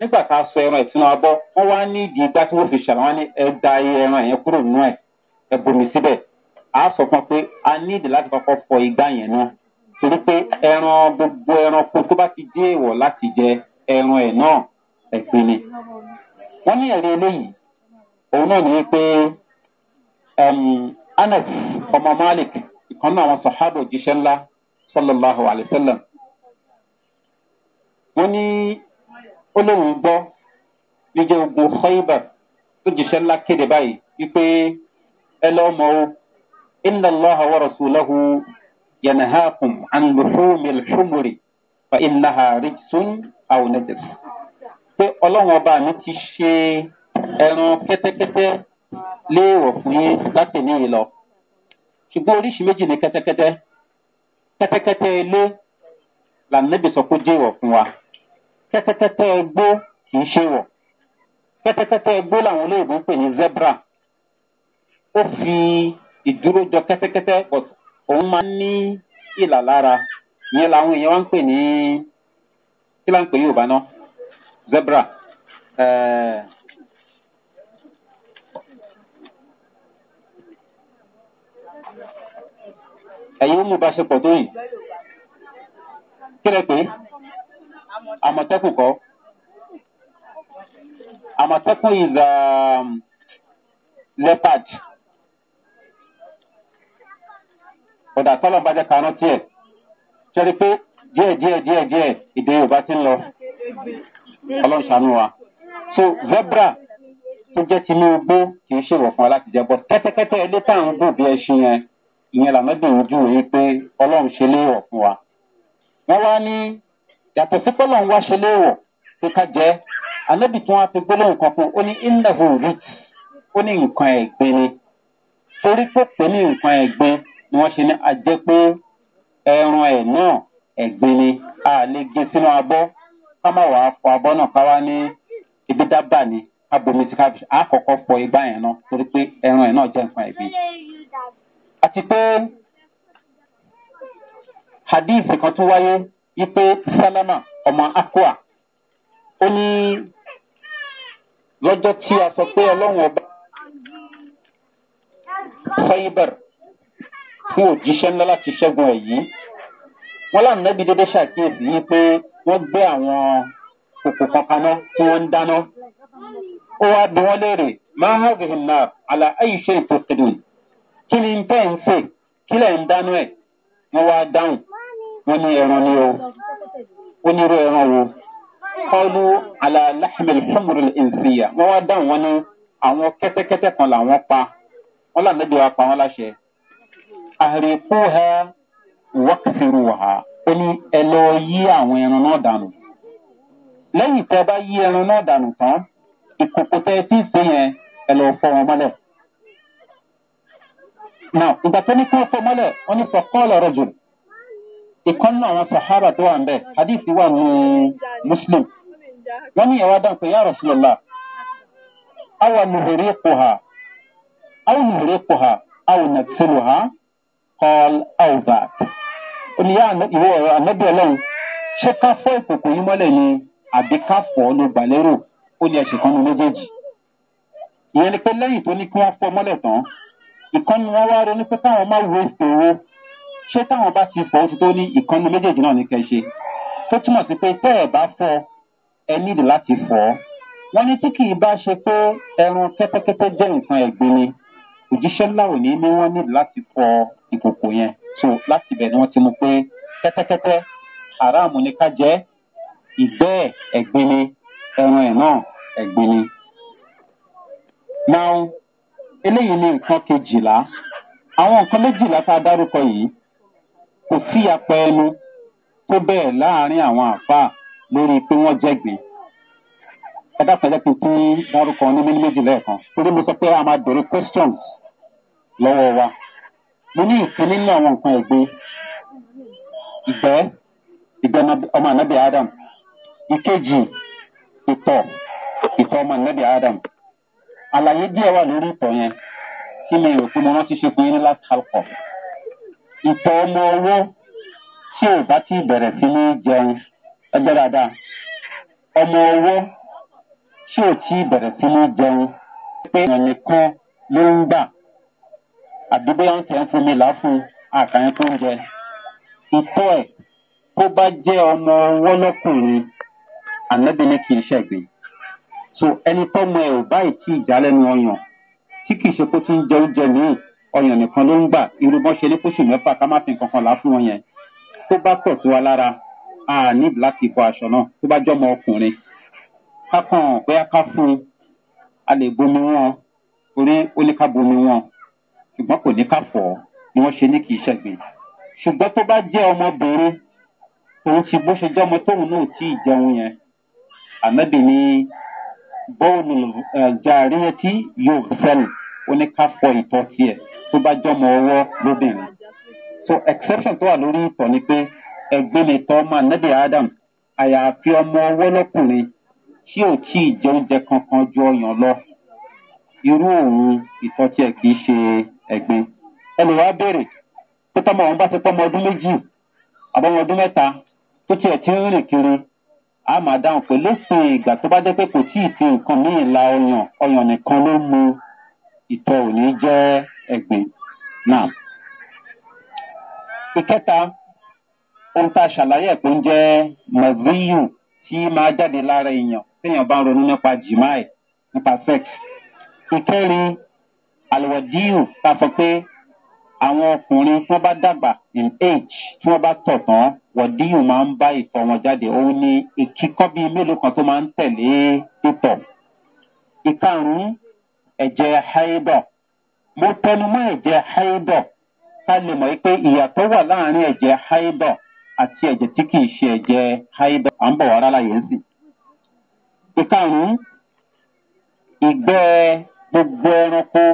nígbà tá a sọ ẹran ẹ̀ sínú abọ́ wọ́n wá ní ìdí igbá tí wọ́n fi ṣàlàyé ní ẹ da ẹran yẹn kúrò nínú ẹ̀ ẹ bomi síbẹ̀ a sọ fún ọ pé a ní ìdí láti kọ́kọ́ fọ igbá yẹn náà torí pé ẹran gbogbo ẹranko tó bá ti dé èèwọ̀ láti jẹ ẹran ẹ̀ náà ẹ̀pin ni wọ́n ní ẹ̀rí eléyìí òun náà ní pé anas ọmọ malik ìkànnì àwọn sọ̀hábò jíṣẹ́ ńlá sallallahu alayhi wa sallam wọn ní ó lóun gbọ́ níjẹ́ ogun khaybar tó jìṣẹ́ ńlá kéde báyìí wípé ẹ lọ́ mọ́ o inna allah wa rasulahu yanahaakum an luhumi alhumri fa innaha rijsun aw najas pé ọlọ́run ọba mi ti ṣe ẹran kẹ́tẹ́kẹ́tẹ́ léèwọ̀ fún yín láti ní ìlọ ṣùgbọ́n oríṣi méjì ní kẹ́tẹ́kẹ́tẹ́ kẹ́tẹ́kẹ́tẹ́ ilé lànàbì sọ pé jẹ́wọ̀ fún wa kẹ́tẹ́kẹ́tẹ́ ẹgbó kì í ṣe wọ̀ kẹ́tẹ́kẹ́tẹ́ ẹgbó làwọn olóògùn pè ní zebra ó fi ìdúró jọ kẹ́tẹ́kẹ́tẹ́ but òun máa ń ní ìlà lára ìyẹn làwọn èèyàn wá ń pè ní kí là ń pè yorùbá zebra. Uh, ẹ̀yin ó ní ìbáṣepọ̀ tó yìí kí lẹ pé àmọ̀tẹ́kùn kọ́ àmọ̀tẹ́kùn is um, leopard ọ̀dà tọ́lọ̀ bá jẹ́ kaná tiẹ̀ sẹ́ni pé díẹ̀ díẹ̀ díẹ̀ díẹ̀ èdè yorùbá ti ń lọ ọlọ́run wa so zebra tó jẹ́ tinú gbó kì í ṣèwọ̀ fún wa láti jẹ́ bọ́ kẹ́tẹ́kẹ́tẹ́ ẹdẹ tá à ń gùn bí ẹ ṣe yẹn ìyẹn làmẹ́bí ojú rí pé ọlọ́run ṣe léèwọ̀ fún wa. wọ́n wá ní yàtọ̀ sí pọ́lọ́run wá ṣe léèwọ̀ tó ká jẹ́ ànábì tí wọ́n á fi gbólóhùn kan fún ó ní ìnáwó rí ó ní nǹkan ẹ̀gbin ni torí pé pé ní nǹkan ẹ̀gbin ni wọ́n ṣe ní ajẹ́ pé ẹran ẹ̀ náà ẹ̀gbin ni a lè gé e sínú abọ́ ká má wàá fọ abọ́ náà ká wá ní ibi dábà ni ká bomi sí ká àkọ́kọ́ fọ igbá yẹn náà torí pé ẹran ẹ̀ náà jẹ́ nǹkan ẹ̀gbin àti pé hadith kan tún wáyé wípé sálámà ọmọ akua ó ní lọ́jọ́ tí a sọ pé ọlọ́run ọba fẹ́yìbẹ̀r fún òjíṣẹ́ ńlá láti ṣẹ́gun ẹ̀ yìí wọ́n láwọn nẹ́bí dédé ṣàkíyèsí yìí pé wọ́n gbé àwọn kòkò kan kaná tí wọ́n ń dáná ó wá bí wọ́n léèrè máa ń hàbìhìn náà àlà ayíṣe ìtòsílẹ̀ kí ni tẹ́ ń sè kí lẹ̀ ń dáná ẹ̀ wọ́n wá dáhùn wọ́n ní ẹran ni o wọ́n ní irú ẹran wo kọ́lu alalahimil humril nsiya wọ́n wá dáhùn wọn ní àwọn kẹ́tẹ́kẹ́tẹ́ kan làwọn pa wọ́n lànàbí wa pa wọ́n láṣẹ. àríkú ha wọ́kìsirù ha ó ní ẹ lọ yí àwọn ẹran náà dànù lẹ́yìn tẹ́ bá yí ẹran náà dànù tán ìkòkò tẹ́ ẹ ti sè yẹn ẹ lọ fọ́ wọn mọ́lẹ̀ náà ìgbà tó ní kí wọ́n fọmọ́lẹ̀ wọ́n ní fọkọ́ọ̀lọ̀ rọ̀jù ìkan náà àwọn sahara tó wà ń bẹ̀ hadith wà ní muslim wọ́n ní ìyàwó dáhùn pé yàrá sùlọ́lá awa nùhèrè kò ha awa nùhèrè kò ha awa nàìjíríà ha kọ́ọ̀l àwùbá oníyà ìwọ ànábì ọlọ́run ṣé ká fọ́ ìkòkò yín mọ́lẹ̀ ni àbí ká fọ́ ló gbà lérò ó ní ẹ̀sìn kan ní méjèèjì ìyẹn ni pé lẹ́yìn tó ní kí wọ́n fọ́ mọ́lẹ̀ tán ìkànnì wọn wá ronú pé káwọn má wo èsì owó ṣé táwọn bá ti fọ oṣù tó ní ìkànnì méjèèjì náà ní kẹṣe tó túmọ̀ sí pé tẹ́ ẹ̀ bá fọ ẹ nílò láti fọ ọ́ wọn ní tí kì í bá ṣe pé ẹran kẹ́tẹ́kẹ́tẹ́ jẹ́ nǹkan ẹ̀gbin ni òjíṣẹ́ ńlá òní ni wọ́n nílò láti fọ ìkòkò yẹn so láti bẹ̀ ni wọ́n ti mú pé kẹ́tẹ́kẹ́tẹ́ haramu ni ká jẹ́ ìgbẹ́ ẹ̀gbin ni ẹran ẹ̀ náà ẹ̀gbin ni. now eléyìí ní nǹkan kejìlá àwọn nǹkan méjìlá tá a dárúkọ yìí kò síyapa ẹnu tó bẹ́ẹ̀ láàrin àwọn àfáà lórí pé wọ́n jẹ́gbìn ẹ dákun ẹ̀jẹ̀ kìí tún dárúkọ ní mímí méjìlá ẹ̀kan torí mo sọ pé a máa bèrè questions lọ́wọ́ wa mo ní ìpín nínú àwọn nǹkan ẹ̀gbin ìgbẹ́ ìgbẹ́ ọmọ ànábì adam ìkejì ìtọ̀ ìtọ̀ ọmọ ànábì adam àlàyé díẹ̀ wà lórí ìtọ̀ yẹn kí ni ìròpé mo rántí ṣe fún yín ní last halkọ. ìtọ̀ ọmọ ọwọ́ tí ò bá ti bẹ̀rẹ̀ sí ní jẹun ẹgbẹ́ dáadáa ọmọ ọwọ́ tí ò tí bẹ̀rẹ̀ sí ní jẹun pé èèyàn nìkan ló ń gbà àdúgbò yẹn tẹ̀ ń fún mi láàfún àkàyẹ tó ń jẹ ìtọ́ ẹ̀ tó bá jẹ́ ọmọ ọwọ́ lọ́kùnrin ànábìíní kì í ṣẹ̀gbìn so ẹni tọ́mọ ẹ̀ ò báyìí tí ìjálẹ́nu ọyàn tí kì í ṣe pé tí ń jẹ oúnjẹ míì ọyàn nìkan ló ń gbà irú bọ́n ṣe ní fóṣù mẹ́fà ká má fi nǹkan kan là á fún wọn yẹn tó bá tọ̀ sí wa lára a ní láti bọ aṣọ náà tó bá jọmọ ọkùnrin ká bóyá ká fún un a lè bomi wọn orí ó ní ká bomi wọn ṣùgbọ́n kò ní ká fọ̀ ọ́ ni wọ́n ṣe ní kì í ṣẹ̀gbìn ṣùgbọ́n tó bá jẹ́ ọmọbìnrin òun ti bó ṣe jẹ́ tóun náà tí ì jẹun yẹn àmẹ́bì ni bọ́ọ̀lù jàríyẹ́tì yóò fẹ́lù oníkàfọ́ ìtọ́ tiẹ̀ tó bá jọmọ ọwọ́ lóbìnrin. so exception tó wà lórí ìtọ̀ ni pé ẹgbẹ́ lè tọ́ ọmọ anabi adam àyàfi ọmọ ọwọ́ lọ́kùnrin tí ò tí ì jẹ oúnjẹ kankan ju ọyàn lọ irú òun ìtọ́ tiẹ̀ kì í ṣe ẹ̀gbin. ẹlòmíràn béèrè pé tọ́mọ òun bá ti pọ́ ọmọ ọdún méjì àbọ̀mọ ọdún mẹ́ta tó tiẹ̀ ti ń rìn kiri a máa dáhùn pé lófin ìgbà tó bá jẹ́ pé kò tí ì fi nǹkan míì la ọyàn ọyàn nìkan ló mu ìtọ̀ ò ní jẹ́ ẹ̀gbìn náà. ìkẹta ohun tá a ṣàlàyé ẹ̀ pé ń jẹ́ mọ̀víyù tí máa jáde lára èèyàn téèyàn bá ń ronú nípa jìmáì nípa sex. ìkẹrin àlùwẹ̀díyù tá a sọ pé àwọn ọkùnrin tí wọn bá dàgbà in age tí wọn bá tọ̀ tán wọ̀díyùn máa ń bá ìtọ̀ wọn jáde òun ni ìkíkọ́ bíi mélòó kan tó máa ń tẹ̀lé ìtọ̀. ìkarùn-ún ẹ̀jẹ̀ haidọ̀ mo tẹnumọ́ ẹ̀jẹ̀ haidọ̀ ká lè mọ̀ pé ìyàtọ̀ wà láàrin ẹ̀jẹ̀ haidọ̀ àti ẹ̀jẹ̀ tí kìí ṣe ẹ̀jẹ̀ haidọ̀ à ń bọ̀ wá rárá yẹn sì. ìkarùn-ún ìgbẹ́ gbogbo ẹranko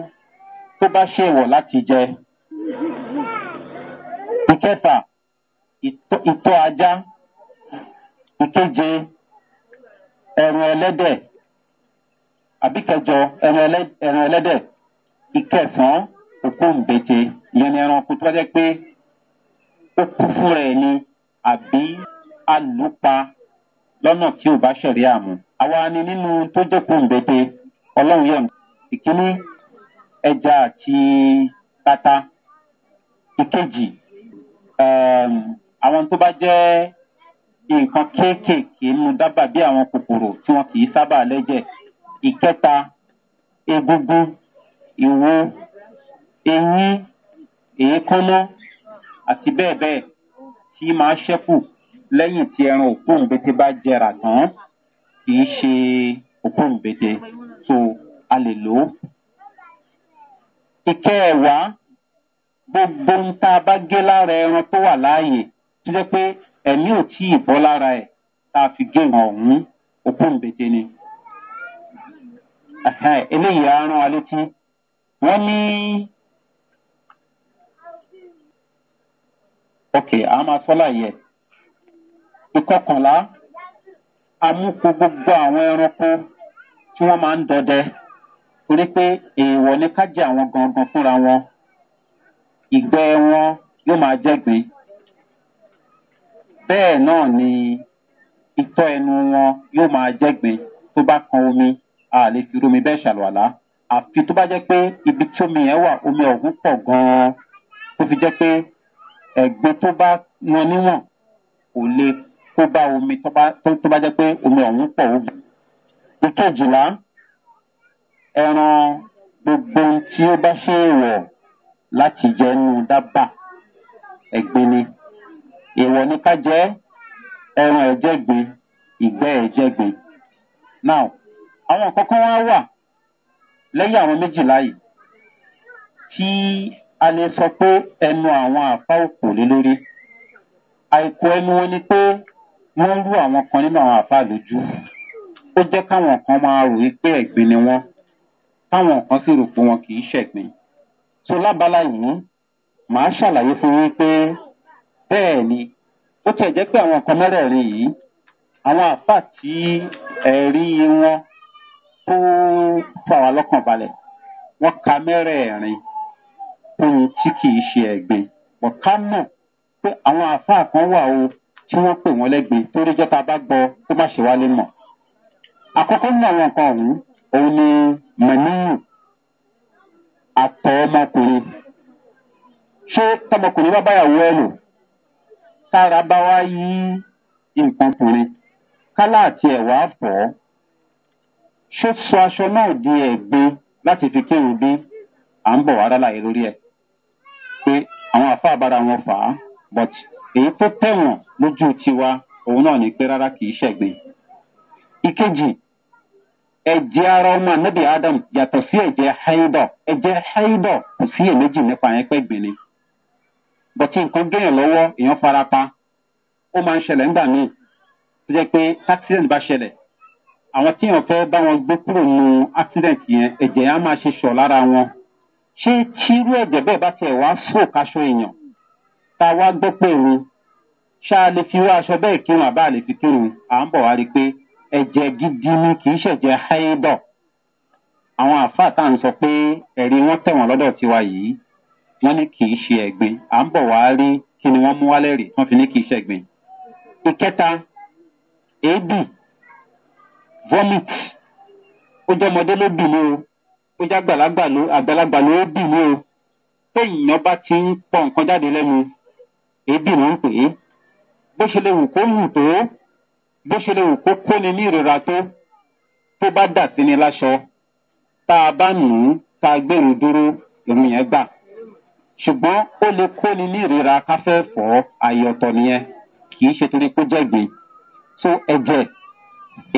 tó bá ṣèwọ̀ láti jẹ ìkẹfà ìtọ́ ajá ìkeje ẹ̀rùn ẹlẹ́dẹ̀ àbí kẹjọ ẹ̀rùn ẹlẹ́dẹ̀ ìkẹsàn-án òkú ńbẹ̀tẹ̀ ìyẹn ni ẹranko tó bá jẹ́ pé ó kú fúnra ẹ̀ ni àbí alùpà lọ́nà tí ò bá ṣẹ̀rí àmú. àwa ni nínú tó jókòó ńbẹ̀tẹ̀ ọlọ́run yẹn ìkíní ẹja àti tata ìkejì àwọn tó bá jẹ́ nǹkan kéékèèké nínú dábàá bí àwọn kòkòrò tí wọn kì í sábà lẹ́jẹ̀ ìkẹta egungun ìwo eyín èékánná àti bẹ́ẹ̀ bẹ́ẹ̀ tí máa ṣẹ́kù lẹ́yìn tí ẹran òkú bá jẹrà tán kì í ṣe òkú so a lè lò ó. ìkẹẹ̀wá gbogbo ń tá a bá gé lára ẹran tó wà láàyè tó jẹ́ pé ẹ̀mí ò tí ì lára ẹ tá a fi gé ọ̀hún òkú eléyìí ní. ok a máa sọ́lá yẹ ìkọkànlá amúkú gbogbo àwọn ẹranko tí wọ́n máa ń dọdẹ torí pé ni ká jẹ wọn. ìgbẹ́ wọn yóò máa jẹ́gbin. Bẹ́ẹ̀ náà ni itọ́ ẹnu wọn yóò máa jẹ́gbin tó bá kan omi a lè fi romi bẹ́ẹ̀ ṣàlùwàlá. Àfi tó bá jẹ́ pé ibi tí omi yẹn wà omi ọ̀hún pọ̀ gan-an tó fi jẹ́ pé ẹ̀gbin tó bá wọn níwọ̀n kò le kó bá omi tó bá jẹ́ pé omi ọ̀hún pọ̀ ogun. Ìkejìlá ẹran gbogbo tí ó bá ṣe é wọ̀ láti jẹ nínú dábà ẹ̀gbin ni èèwọ̀ ni ká jẹ ẹran ẹ̀jẹ̀gbin ìgbẹ́ ẹ̀jẹ̀gbin. now àwọn kankan wá wà lẹ́yìn àwọn méjìlá yìí tí a lè sọ pé ẹnu àwọn àfa òkò lé lórí àìkú ẹnu wọn ni pé wọ́n rú àwọn kan nínú àwọn àfa lójú ó jẹ́ káwọn kan máa rò wípé ẹ̀gbin ni wọ́n táwọn kan sì rò pé wọn kì í ṣẹ̀gbin so lábala yìí màá ṣàlàyé fún yín pé bẹ́ẹ̀ ni ó tiẹ̀ jẹ́ pé àwọn nǹkan mẹ́rẹ̀ẹ̀rin yìí àwọn àfà tí ẹ̀rí wọn tó fà wá lọ́kàn balẹ̀ wọ́n ka mẹ́rẹ̀ẹ̀rin fún un tí kì ṣe ẹ̀gbin wọ́n ká mọ̀ pé àwọn àfà kan wà o tí wọ́n pè wọ́n lẹ́gbin torí jọ́ta bá gbọ́ tó má ṣe wálé mọ̀ àkọ́kọ́ nínú àwọn nǹkan ọ̀hún òun ni mẹ́nìyàn àtọmọkùnrin ṣé tọmọkùnrin bá báyàwó ẹ lò tára bá wá yí nǹkan kùnrin kálá àti ẹ̀wà fọ̀ sọ aṣọ náà di ẹ̀gbin láti fi kírun bí à ń bọ̀ wá rálá yìí lórí ẹ̀ pé àwọn àfáà bára but èyí tó tẹ̀wọ̀n lójú tiwa òun náà n'ipe pé rárá kì í ẹ̀jẹ̀ ara adam yàtọ̀ si eje haidọ̀ eje haidọ̀ kò sí èméjì nípa yẹn pẹ́ gbìnrin bọ̀tí nǹkan gẹ̀yàn lọ́wọ́ èèyàn farapa ó máa ń ṣẹlẹ̀ ńgbà míì tó pé accident bá ṣẹlẹ̀ àwọn tí èèyàn fẹ́ bá wọn gbé kúrò accident yẹn ṣe lára wọn ṣé bẹ́ẹ̀ a wá pé òun ṣáà lè fi wá aṣọ bẹ́ẹ̀ kírun àbá lè fi kírun à ń bọ̀ wá rí pé ẹ̀jẹ̀ gidi ni kì í ṣẹ̀jẹ̀ háídọ̀ àwọn àáfàá tá à ń sọ pé ẹ̀rí wọn tẹ̀wọ̀n lọ́dọ̀ tiwa yìí wọ́n ní kì í ṣe ẹ̀gbin à ń bọ̀ wá rí kí ni wọ́n mú wálẹ̀ rè wọ́n fi ní kì í ṣẹ̀gbin. ìkẹta èébì vomit ó jẹ́ ọmọdé ló bì mí o ó jẹ́ àgbàlagbà ló àgbàlagbà ló bì mí o pé èèyàn bá ti ń pọ̀ nǹkan jáde lẹ́nu èébì ló ń pè é bó ṣe lè wù kó wù tó bó ṣe lè wù kó kóni ní ìrora tó tó bá dà sí ni láṣọ tá a bá nù ú tá a gbèrú dúró ìrù yẹn gbà ṣùgbọ́n ó lè kóni ní ìrora káfẹ́ fọ́ ààyè nìyẹn kì í ṣe torí kó jẹ̀gbìn so ẹ̀jẹ̀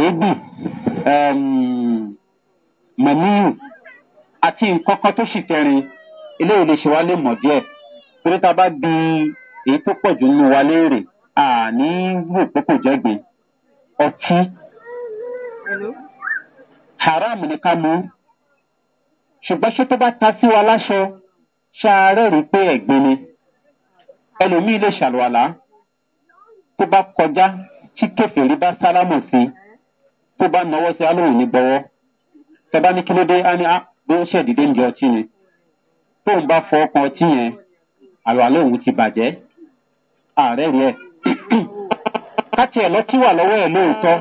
èébì mọ̀míyù àti nǹkan kan tó sì kẹrin eléyìí lè ṣe wá lè mọ̀ díẹ̀ torí tá a bá di èyí tó pọ̀ jù nínú wa léèrè àní rò pé kò jẹ́gbìn ọtí haram ni ká mú ṣùgbọ́n ṣé tó bá ta sí wa láṣọ ṣáárẹ̀ rí pé ẹ̀gbin ni ẹlòmíì lè ṣàlùwàlá tó bá kọjá tí kẹfìrí bá sálámù sí tó bá náwó sí alóhùn ní gbọwọ́ tẹ ní kí ló dé á ní ah, bí ó ṣèdídé ń jẹ ọtí ni tóun bá fọ ọkàn ọtí yẹn àlọ́ àlóhùn ti bàjẹ́ ààrẹ rí ẹ̀. káti ẹ̀ lọ́tí wà lọ́wọ́ ẹ̀ lóòótọ́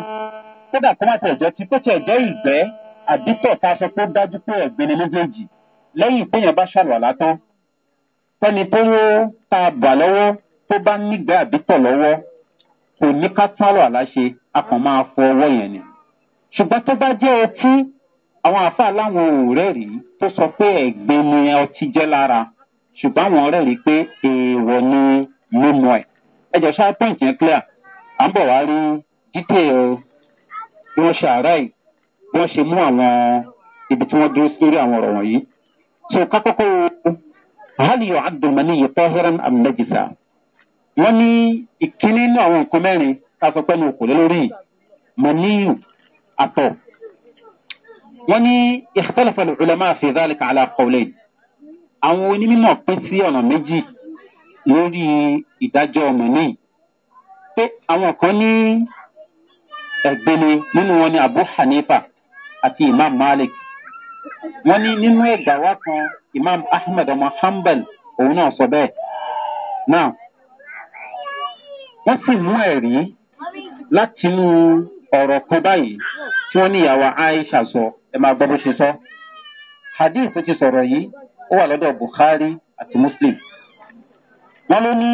kódà kó má tẹ̀ jẹ́ ti kó tẹ̀ jẹ́ ìgbẹ́ àdìtọ̀ tá a sọ pé ó dájú pé ẹ̀gbin ni méjèèjì lẹ́yìn péyàn bá ṣàlùwàlá tán tẹ́ni tó yó ta bà lọ́wọ́ tó bá nígbà àdìtọ̀ lọ́wọ́ kò ní ká tún àlùwàlá ṣe a kàn máa fọ ọwọ́ yẹn ni ṣùgbọ́n tó bá jẹ́ ọtí àwọn àfa láwọn òórẹ́ rí tó sọ pé ẹ̀gbin ni ọtí jẹ́ lára ṣùgbọ́n àwọn ọ̀rẹ́ rí pé èèwọ̀ ni mímu ẹ̀ ẹ ṣáà pẹ́ǹtì yẹn clear à ń bọ̀ wá rí detail bí wọ́n ṣe àárá yìí bí wọ́n ṣe mú àwọn ibi tí wọ́n dúró sí lórí àwọn ọ̀rọ̀ wọ̀nyí. so kákọ́kọ́ wo hali yóò abdulmani yìí tọ́ hẹ́rẹ́n amúnẹ́jìsà wọ́n ní ìkíní inú àwọn nǹkan mẹ́rin ká sọ pé ní òkò lórí mọ̀níyù àtọ̀ wọ́n ní ìfẹ́lẹ̀fẹ́ lùlọ́mọ́ àfihàn kàlà kọ́lẹ́yìn àwọn onímọ̀ pín sí ọ̀nà méjì lórí ìdájọ́ mọ̀níyù pé àwọn kan ní ẹ̀gbẹ́ni nínú wọn ni abu hanifa àti imam malik wọn ní nínú ẹ̀gbà wa kan imam ahmed ọmọ hanbal òun náà sọ bẹ́ẹ̀ náà wọ́n sì mú ẹ̀rí látinú ọ̀rọ̀ kan báyìí tí wọ́n ní ìyàwó aisha sọ ẹ máa gbọ́ bó ṣe sọ hadith ti sọ̀rọ̀ yìí ó wà lọ́dọ̀ buhari àti muslim wọ́n ló ní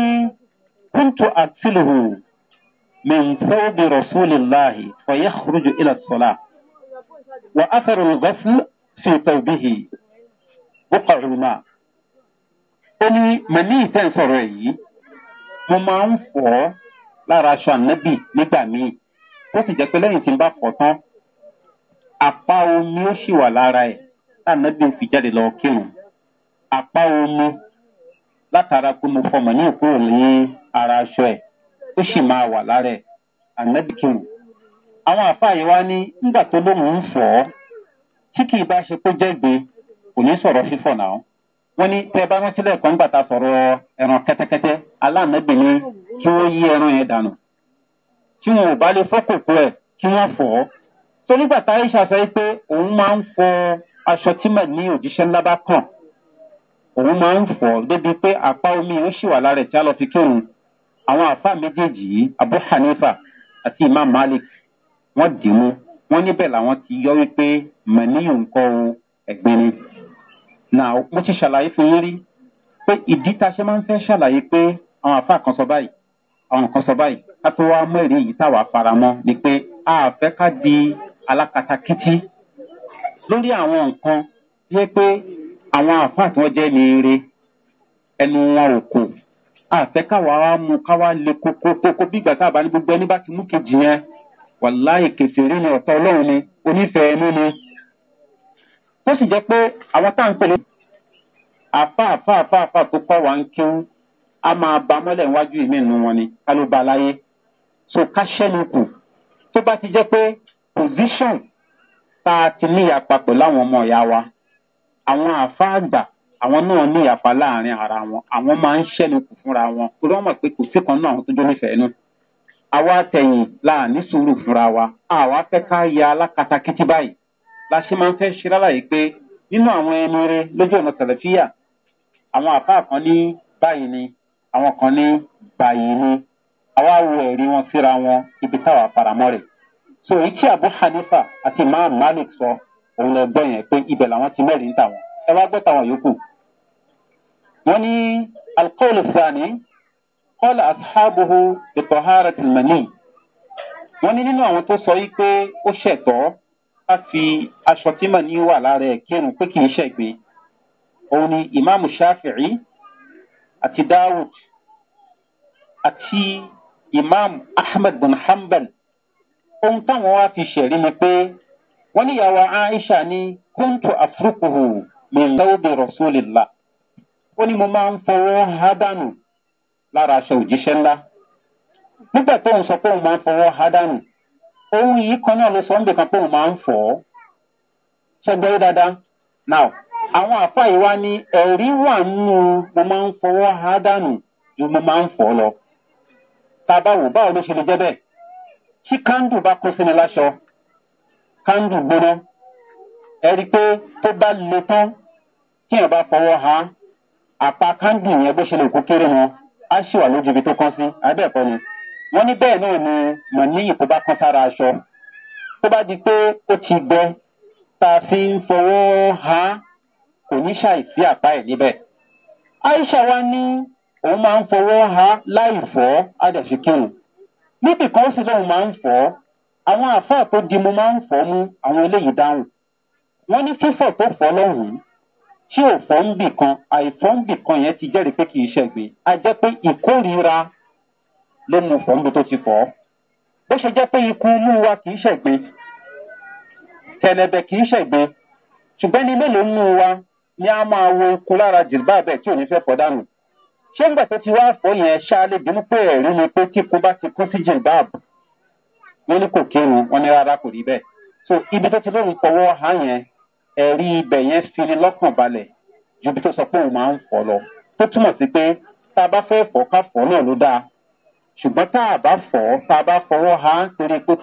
kúntù àtìlùhùn. من ثوب رسول الله فيخرج إلى الصلاة وأثر الغسل في ثوبه بقع الماء أني مني تنصري مما أنفو لا راشا النبي نبامي وفي جاكولين تنبا فوتان apá omi ó sì wà في ẹ tànàbí ń fi jáde lọ kírun apá omi látara pé ó sì máa wà lára ẹ̀ ànábì kírun. àwọn àfáà yìí ní nígbà tó lóun ń fọ̀ tí kì í bá ṣe kó kò ní sọ̀rọ̀ fífọ̀ náà wọ́n ní tẹ́ bá rántí lẹ́ẹ̀kan nígbà tá a sọ̀rọ̀ ẹran kẹ́tẹ́kẹ́tẹ́ aláàánábì ni kí wọ́n yí ẹran yẹn dànù tí wọn ò bá lè fọ́ kòkó ẹ̀ kí wọ́n fọ̀ ọ́ tó nígbà tá pé fọ aṣọ tí mà ní ńlá bá kàn òun máa ń débi pé àpá omi sì wà lára àwọn àfa méjèèjì yìí abu hanifa àti imam malik wọ́n dì mú wọ́n níbẹ̀ làwọn ti yọ wípé mẹ́níyù ń kọ́ o ẹ̀gbin ni. náà mo ti ṣàlàyé fún yín rí pé ìdí tá a ṣe máa ń fẹ́ ṣàlàyé pé àwọn àfa kan sọ báyìí àwọn kan sọ báyìí ká tó wá mẹ́rin èyí táwa fara ni pé a fẹ́ ká di alákatakítí lórí àwọn nǹkan yẹ pé àwọn àfa tí wọ́n jẹ́ ní ire ẹnu wọn ò kò àfẹ́ káwa wa mú káwa le koko koko bí ìgbà táàbà ní gbogbo ẹni bá ti mú kejì yẹn wàláì kẹsìrì ni ọ̀tọ̀ ọlọ́run ni onífẹ̀ẹ́ inú ni. tó sì jẹ́ pé àwọn tá à ń pè ní àfa àfa àfa àfa tó kọ́ wa ń kíw a máa ba mọ́lẹ̀ níwájú ìmí ìnú wọn ni ká ló ba láyé so ká ṣẹ́nu kù tó bá ti jẹ́ pé position tá a ti níyàpá pẹ̀lú àwọn ọmọ ìyá wa àwọn àfa àgbà àwọn náà ní ìyapa láàrin ara wọn àwọn máa ń ṣẹnukù fúnra wọn torí wọn mọ pé kò sí kan náà àwọn tó jó nífẹ̀ẹ́ nù àwa tẹ̀yìn láàní sùúrù fúnra wa àwa fẹ́ ká ya alákatakítí báyìí la ṣe máa ń fẹ́ ṣe lálàyé pé nínú àwọn ẹni rẹ lójú ọ̀nà tẹ̀lẹ́fíà àwọn àfáà kan ní báyìí ni àwọn kan ní báyìí ni àwa wo ẹ̀rí wọn síra wọn ibi táwa faramọ́ rẹ̀ so èyí tí abu hanifa àti imam malik sọ òun lọ gbọ́ yẹn pé ibẹ̀ làwọn ti mẹ́rin tà ẹ wá gbọ́ tàwọn yòókù. wọ́n ní alkóòlù sani kọ́lá asáàbùhù ìtọ̀hárà tìlmẹ̀lì. wọ́n ní nínú àwọn tó sọ yìí pé ó ṣẹ̀tọ́ ká fi aṣọ tí mà ní wà lára ẹ̀ kírun pé kì í ṣẹ̀gbé. òun ni ìmáàmù ṣáfìrí àti dawud àti imam ahmed bin hanbal ohun táwọn wá fi ṣẹ̀rí ni pé wọ́n níyàwó aisha ní kóńtò àfúrúkùhù mẹ̀lẹ́wọ̀bẹ̀ rọ̀sọ́lélà ó ní mo máa ń fọwọ́ há lára aṣọ òjíṣẹ́ ńlá nígbà tó ń sọ pé òun máa ń fọwọ́ danu. ohun yìí kan náà ló sọ ń bè pé òun máa ń fọ̀ ọ́ ṣẹgbẹ́ dáadáa now àwọn àfa yìí ni ẹ̀rí wà mo máa ń fọwọ́ ju mo máa ń fọ̀ ọ́ lọ tá ṣe lè jẹ́ bẹ́ẹ̀ tí kándù bá kó sínú láṣọ kándù gbóná ẹ rí i pé tó bá le tán tí èèyàn bá fọwọ́ ha àpá kándì yẹn bó ṣe lè kó kéré wọn á ṣì wà lójú ibi tó kán sí abẹ́ẹ̀kọ́ ni wọ́n ní bẹ́ẹ̀ náà ni mọ̀níyì tó bá kán sára aṣọ tó bá di pé ó ti gbẹ tá a fi ń fọwọ́ ha kò ní ṣàìsí àpá ẹ̀ níbẹ̀ aisha wa ní òun máa ń fọwọ́ ha láì fọ́ adẹ̀síkírun níbì kan sì lóun máa ń fọ́ àwọn àfáà tó di mo máa ń fọ́ mú àwọn eléyìí dáhùn wọn ní fífọ tó fọ lọhùnún tí ò fọ ń bì kan àìfọ ń bì kan yẹn ti jẹrìí pé kì í ṣẹgbin a jẹ pé ìkórira ló mu fọ níbi tó ti fọ bó ṣe jẹ pé ikú inú wa kì í ṣẹgbin tẹlẹbẹ kì í ṣẹgbin ṣùgbọ́n ní mélòó nínú wa ni a máa wo ikú lára jìlbá bẹ́ẹ̀ tí ò ní fẹ́ fọ́ dànù ṣé ńgbà tó ti wá fọ́ yẹn ṣáálé bínú pé ẹ̀rí ni pé kíkú bá ti kún sí jìlbá wọn ní kò kírun wọn ní rárá kò rí bẹ́ẹ̀ so ibi tó ti lóun fọwọ́ hàn yẹn ẹ̀rí ibẹ̀ yẹn fi ni lọ́kàn balẹ̀ ju bí tó sọ pé òun máa ń fọ̀ lọ. tó túmọ̀ sí pé tá a bá fẹ́ fọ̀ ká fọ̀ náà ló dáa ṣùgbọ́n tá a bá fọ̀ tá a bá fọwọ́ ha ń torí pé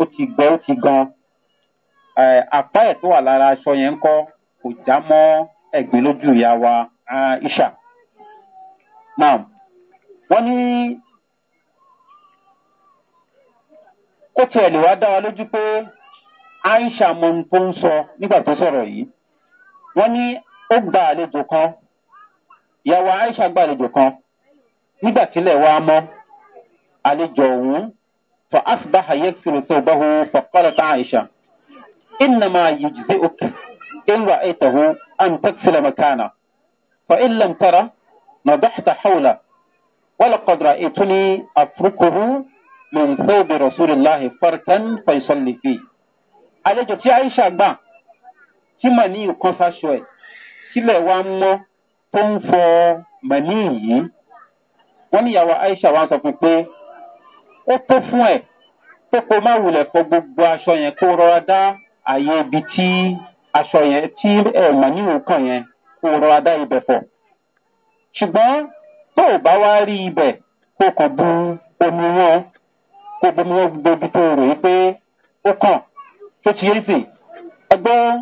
ó ti gbẹ ó ti gan àpá ẹ̀ tó wà lára aṣọ yẹn ń kọ́ kò já mọ́ ẹ̀gbin lójú ìyá wa aisha. wọ́n ní ó tiẹ̀ lè wá dá wa lójú pé aisha mọ tó ń sọ nígbà tó sọ̀rọ̀ yìí wọ́n ní ó gba àlejò kan ìyàwó aisha gba àlejò kan nígbà tílẹ̀ wá mọ́ àlejò ọ̀hún fa asbaha yẹ́kìrì tó bá hu fọ̀kọ́lọ̀ tá aisha ìnàmà yìí òkè ìnra ètòhún àn tẹ́kìsílẹ̀ mẹ́kánà fa ìlàm nà dọ́xta xawla wala qadra ètò ní àfurukùhù lòun tó bẹ̀rẹ̀ sórí láhì fọ́rtán fàìsọ́lì fìyì àlejò tí aisha gbà tí màní kan fàṣọ ẹ̀ tílẹ̀ wa ń mọ́ tó ń fọ màní yìí wọ́n níyàwó aisha wa sọ fún pé ó tó fún ẹ̀ tó kó má wulẹ̀ fọ gbogbo aṣọ yẹn kó rọra dá àyè ibi tí aṣọ yẹn tí ẹ̀ màní kan yẹn kó rọra dá ibẹ̀ fọ̀ ṣùgbọ́n tó o bá wá rí ibẹ̀ kó kàn bu omi wọn kó bomi wọn gbogbo ibi tó o rò yí pé ó kàn tó ti yé pè ẹgbẹ́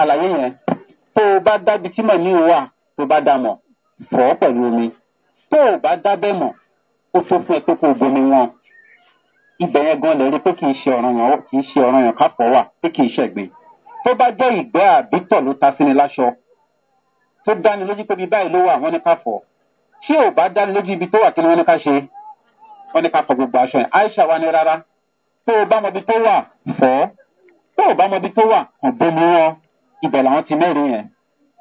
àlàyé yẹn tó o bá dábi tí màmí ò wà tó o bá dà mọ̀ fọ̀ ọ́ pẹ̀lú omi tó o bá dábẹ́ mọ̀ ó tó fún ẹ pé kó o bomi wọn ibẹ̀ yẹn gan lè rí pé kì í ṣe ọ̀ràn yàn kì í ṣe ọ̀ràn yàn káfọ̀ wà pé kì í ṣẹ̀gbìn tó bá jẹ́ ìgbẹ́ àbítọ̀ ló ta síni láṣọ tó dáni lójú pé bí báyìí ló wà wọ́n ní káfọ̀ tí ò bá dáni lójú ibi tó wà kí ni wọ́n ní ká ṣe wọ́n ní káfọ̀ gbogbo aṣọ yẹn aisha wa ni rárá tó o bá mọ ibi tó wà fọ́ tó ò bá mọbi tó wà kàn bomi wọn ibẹ̀ làwọn ti mẹ́rin yẹn.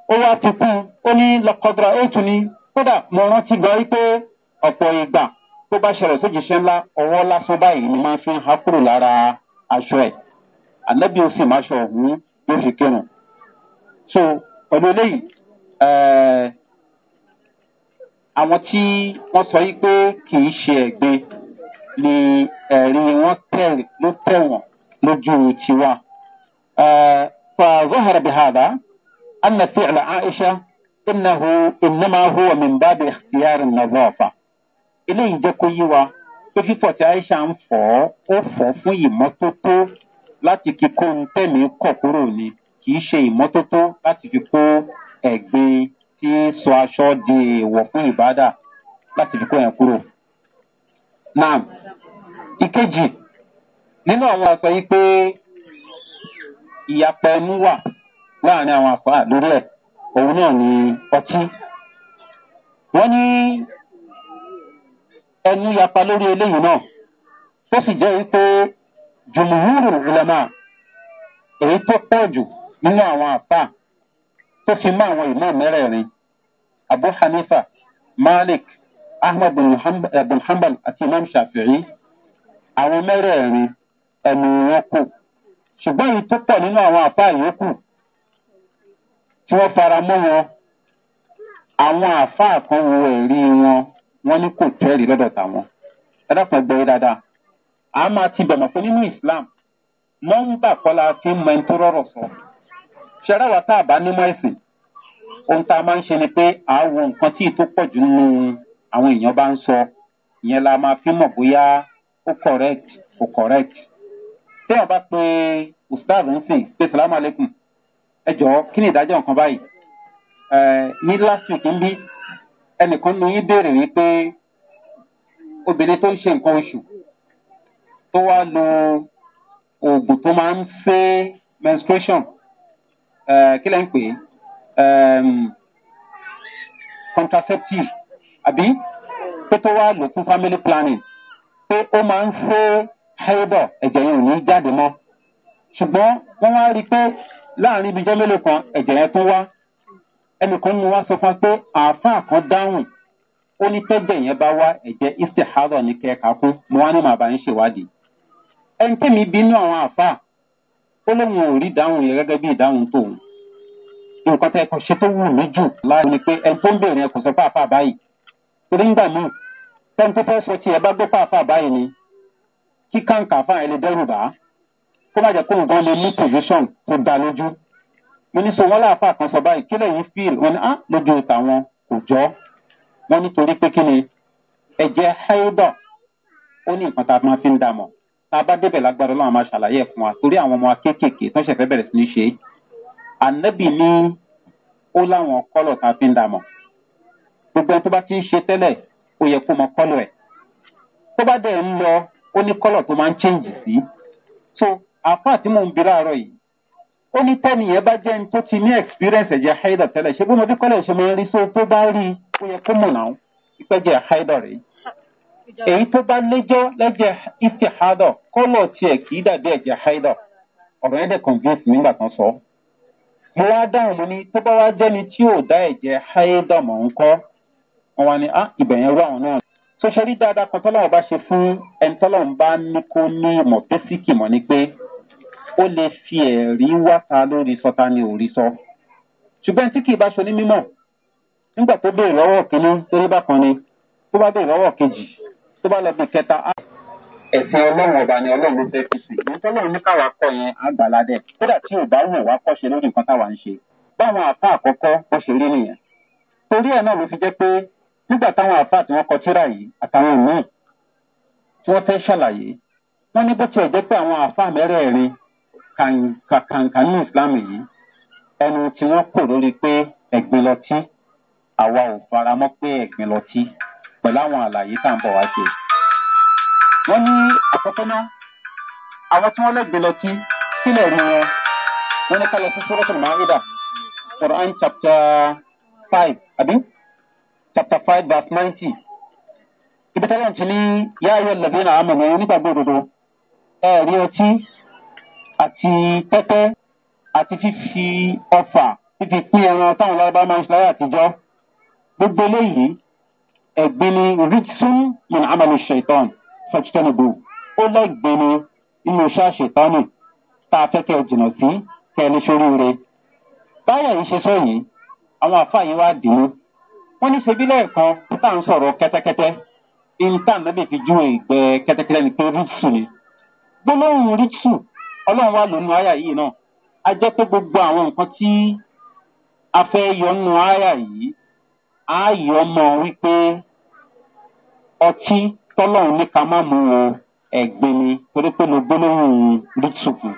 ó wá ti kú ó ní lọ́kọ́dúrà ó tún ní kódà mo rántí gan wípé ọ̀pọ̀ ìgbà tó bá ṣẹlẹ̀ sójúṣe ńlá ọwọ́ lásán báyìí ni máa fi ń ha kúrò lára aṣọ ẹ̀ àlẹ́bí ó sì máa ṣọ ọ̀hún yóò fi kírun. so pẹ̀lú eléyìí eh, àwọn tí wọ́n sọ yí pé kì í ṣe ẹ̀gbin ni ẹ̀rí wọn tẹ̀ ló tẹ̀ wọ́n lójú tiwa. فظهر بهذا أن فعل عائشة إنه إنما هو من باب اختيار النظافة eléyìí jẹ́ kó yí wa pé fífọ̀ tí aisha ń fọ̀ ọ́ ó fọ̀ fún ìmọ́tótó láti kíkó ń tẹ̀mí kọ̀ kúrò ni kì í ṣe ìmọ́tótó láti fi kó ẹ̀gbin tí sọ aṣọ di èèwọ̀ fún ìbádà láti fi kó yẹn kúrò. naam ìkejì nínú àwọn àpẹ yìí pé ìyapa ẹnu wà láàrin àwọn àpá lórí ẹ òun náà ni ọtí wọn ní ẹnu yapa lórí eléyìí náà tó sì jẹ́ wípé jùmùhúrù ìlànà èyí tó pọ̀ jù nínú àwọn àpá tó fi mọ́ àwọn ìmọ̀ mẹ́rẹ̀ẹ̀rin abu hanifa malik ahmed eh, bin hanbal àti imam shafi'i àwọn mẹ́rẹ̀ẹ̀rin. ẹnu wọn kù ṣùgbọ́n èyí tó pọ̀ nínú àwọn àfa tí wọ́n fara mọ́ wọn àwọn àfa kan wo ẹ̀rí wọn wọ́n ní kò tẹ́rì lọ́dọ̀ a máa ti bẹ̀rẹ̀ pé nínú islam nọ́mbà kọ́la fi ń mọ ẹni tó rọ̀rọ̀ sọ ṣẹ́rẹ́ wa tá a bá nímọ̀ ẹ̀sìn ohun tá a máa ń ṣe ni pé a wo nǹkan tí ìtó pọ̀ jù nínú àwọn èèyàn bá ń la máa fi mọ̀ bóyá ó correct tí a bá pe ustaz nsìn pé salamu aleykum ẹ jọ̀ọ́ kí ni ìdájọ́ nǹkan báyìí ní last week ń bí ẹnìkan ní yín béèrè wípé obìnrin tó ń ṣe nǹkan oṣù tó wá lo oògùn tó máa ń ṣe menstruation kí lẹ́ ń pè é mm, contraceptive àbí pé tó wá lò fún family planning pé ó máa ń ṣe haidọ̀ ẹ̀jẹ̀ yẹn ò ní jáde mọ́ ṣùgbọ́n wọ́n wá rí i pé láàrin ibi jẹ́ mélòó kan ẹ̀jẹ̀ yẹn tó wá ẹnìkan mú wá sọ fún wa pé àáfàá kan dáhùn ó ní tẹ́jẹ̀ yẹn bá wá ẹ̀jẹ̀ istihadọ̀ ní kẹ́ẹ̀ka kú mo wá ní màbá ń ṣèwádìí ẹni tẹ́mi bínú àwọn àáfàá ó lóun ò rí ìdáhùn yẹn gẹ́gẹ́ bí ìdáhùn tòun nǹkan tẹ́ kò ṣe tó wù mí jù láàrin ni pé ẹni tó ń bèèrè ẹ kò sọ pé àáfàá báyìí torí ńgbà míì tẹ́ni kí kàǹkà fún àìlè dẹ́rù bá kó má jẹ́ kó nǹkan lè ní position tó dá lójú mo ní so wọ́n láàfà kan sọ báyìí kílẹ̀ yìí fíìl wọn ni á lójú tàwọn kò jọ́ wọn nítorí pé kí ni ẹ̀jẹ̀ haidọ̀ ó ní nǹkan tá a máa fi ń dààmú tá a bá débẹ̀ lágbára ọlọ́run máa ṣàlàyé ẹ̀kún wa torí àwọn ọmọ akéékèèké tó ṣẹ̀fẹ́ bẹ̀rẹ̀ sí ní ṣe ànábì ní ó láwọn kọ́lọ̀ tá a fi ń dààmú gbogbo ẹni tó bá ti ń ṣe tẹ́lẹ̀ ó yẹ kó mọ kọ́lọ̀ ẹ̀ tó bá dẹ̀ ń lọ ó ní kọ́lọ̀ tó máa ń change sí. so àpá tí mò ń bi láàárọ̀ yìí ó ní tẹ́ni yẹn bá jẹ́ ní tó ti ní experience ẹ̀jẹ̀ haida tẹ́lẹ̀ ṣé bí mo bí kọ́lẹ̀ ṣe máa ń rí so tó bá rí ó yẹ kó mọ̀ náà ìpẹ́jẹ̀ haida rèé. èyí tó bá léjọ́ lẹ́jẹ̀ ife haida kọ́lọ̀ tiẹ̀ kì í dàbí ẹ̀jẹ̀ haida ọ̀rọ̀ yẹn dẹ̀ convince mi kan sọ. mo wá dáhùn mo ní tó bá wá jẹ́ni tí ò dá ẹ̀jẹ̀ haida mọ̀ ń kọ́ wọn wá ní ah, ibẹ̀ yẹn rú àwọn náà sọ́sẹ́rí dada kan tọ́lá ọba ṣe fún ẹni tọ́lá ń bá ní kó ní ìmọ̀ bẹ́síkì mọ́ ni pé ó lè fi ẹ̀rí wá ta lórí sọ ta ni ò rí sọ. ṣùgbọ́n tí kìí bá ṣe ní mímọ̀ nígbà tó béèrè lọ́wọ́ kínní torí bákan ni tó bá béèrè lọ́wọ́ kejì tó bá lọ bí kẹta á. ẹ̀sìn ọba ni ọlọ́run ló fẹ́ fi sí i nítorí ní káwa kọ yẹn àgbàládẹ kódà tí ò bá wù wá kọ́ lórí nǹkan táwa ń ṣe báwọn àfa àkọ́kọ́ ó ṣe rí nìyẹn torí ẹ̀ náà ló fi jẹ́ pé nígbà táwọn àáfàá tí wọ́n kọ tíra yìí àtàwọn míì tí wọ́n fẹ́ ṣàlàyé wọ́n ní bó tiẹ̀ jẹ́ pé àwọn àáfàá mẹ́rẹ̀ẹ̀rin kàǹkàǹkàǹ ní ìsìláàmù yìí ẹnu tí wọ́n kò lórí pé ẹ̀gbin lọtí àwa ò faramọ́ pé ẹ̀gbin lọtí pẹ̀lú àwọn àlàyé tá à ń bọ̀ wá ṣe. wọ́n ní àkọ́kọ́ náà àwọn tí wọ́n lẹ́gbin lọtí sílẹ̀ ni wọn wọ́n ní ká lọ sí sọ́kọ́tò mọ́àrídà quran chapter five àbí chapter five verse ninety ibi tọ́lá ti ní yáyọ̀ lẹ́bí náà àmọ̀ ẹ̀yìn nígbàgbọ́ òdodo ẹ̀rí ọtí àti tẹ́tẹ́ àti fífi ọfà fífi pín ẹran táwọn lárúbá máa ń ṣe láyé àtijọ́ gbogbo eléyìí ẹ̀gbin ni ritsun min amalu shaitan fẹ́títọ́nìbù ó lẹ́gbin ni inú iṣẹ́ ṣètọ́nì tá a fẹ́ kẹ́ ẹ jìnnà sí kẹ́ ẹ ní sóríire báyọ̀ yìí ṣe sọ yìí àwọn àfáà yìí wá dìímú. wọ́n ní ṣebí lẹ́ẹ̀kan tá à ń sọ̀rọ̀ kẹ́tẹ́kẹ́tẹ́ ìta nàbẹ̀ fi ju ìgbẹ́ kẹ́tẹ́kẹ́tẹ́ ní pé rúfù ni gbólóhùn rúfù ọlọ́run wà lónìí àyà yìí náà a jẹ́ pé gbogbo àwọn nǹkan tí a fẹ́ yọ nínú àyà yìí a yọ mọ wípé ọtí tọ́lọ́run ní ká má mú o ẹ̀gbin ni torí pé mo gbólóhùn rúfù kù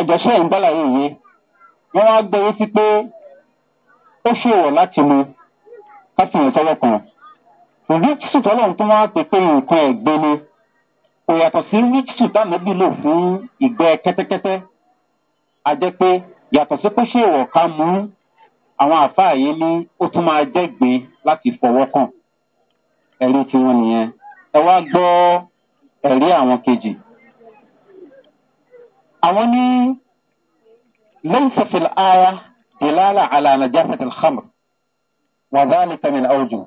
ẹ̀jẹ̀ sẹ́yìn gbọ́láyé yìí wọ́n wá gbé e wípé ó ṣèwọ̀ láti mu. ká sì yẹn sọ́wọ́ kan ríkṣù tọ́lọ́run tó wáá pè pé nǹkan ẹ̀gbẹ́ ni kò yàtọ̀ sí ríkṣù tánàbí lò fún ìgbẹ́ kẹ́tẹ́kẹ́tẹ́ a jẹ́ pé yàtọ̀ sí pé ṣé ìwọ̀ ká mú àwọn àfáà yìí ní ó tún máa jẹ́gbin láti fọwọ́ kàn ẹ̀rí tiwọn nìyẹn ẹ wá gbọ́ ẹ̀rí àwọn kejì àwọn ní lẹ́yìn sọ̀fìlà ara dìlára àlànà jáfẹ̀tì xamr wàhálà tẹ̀mìn àwùjọ.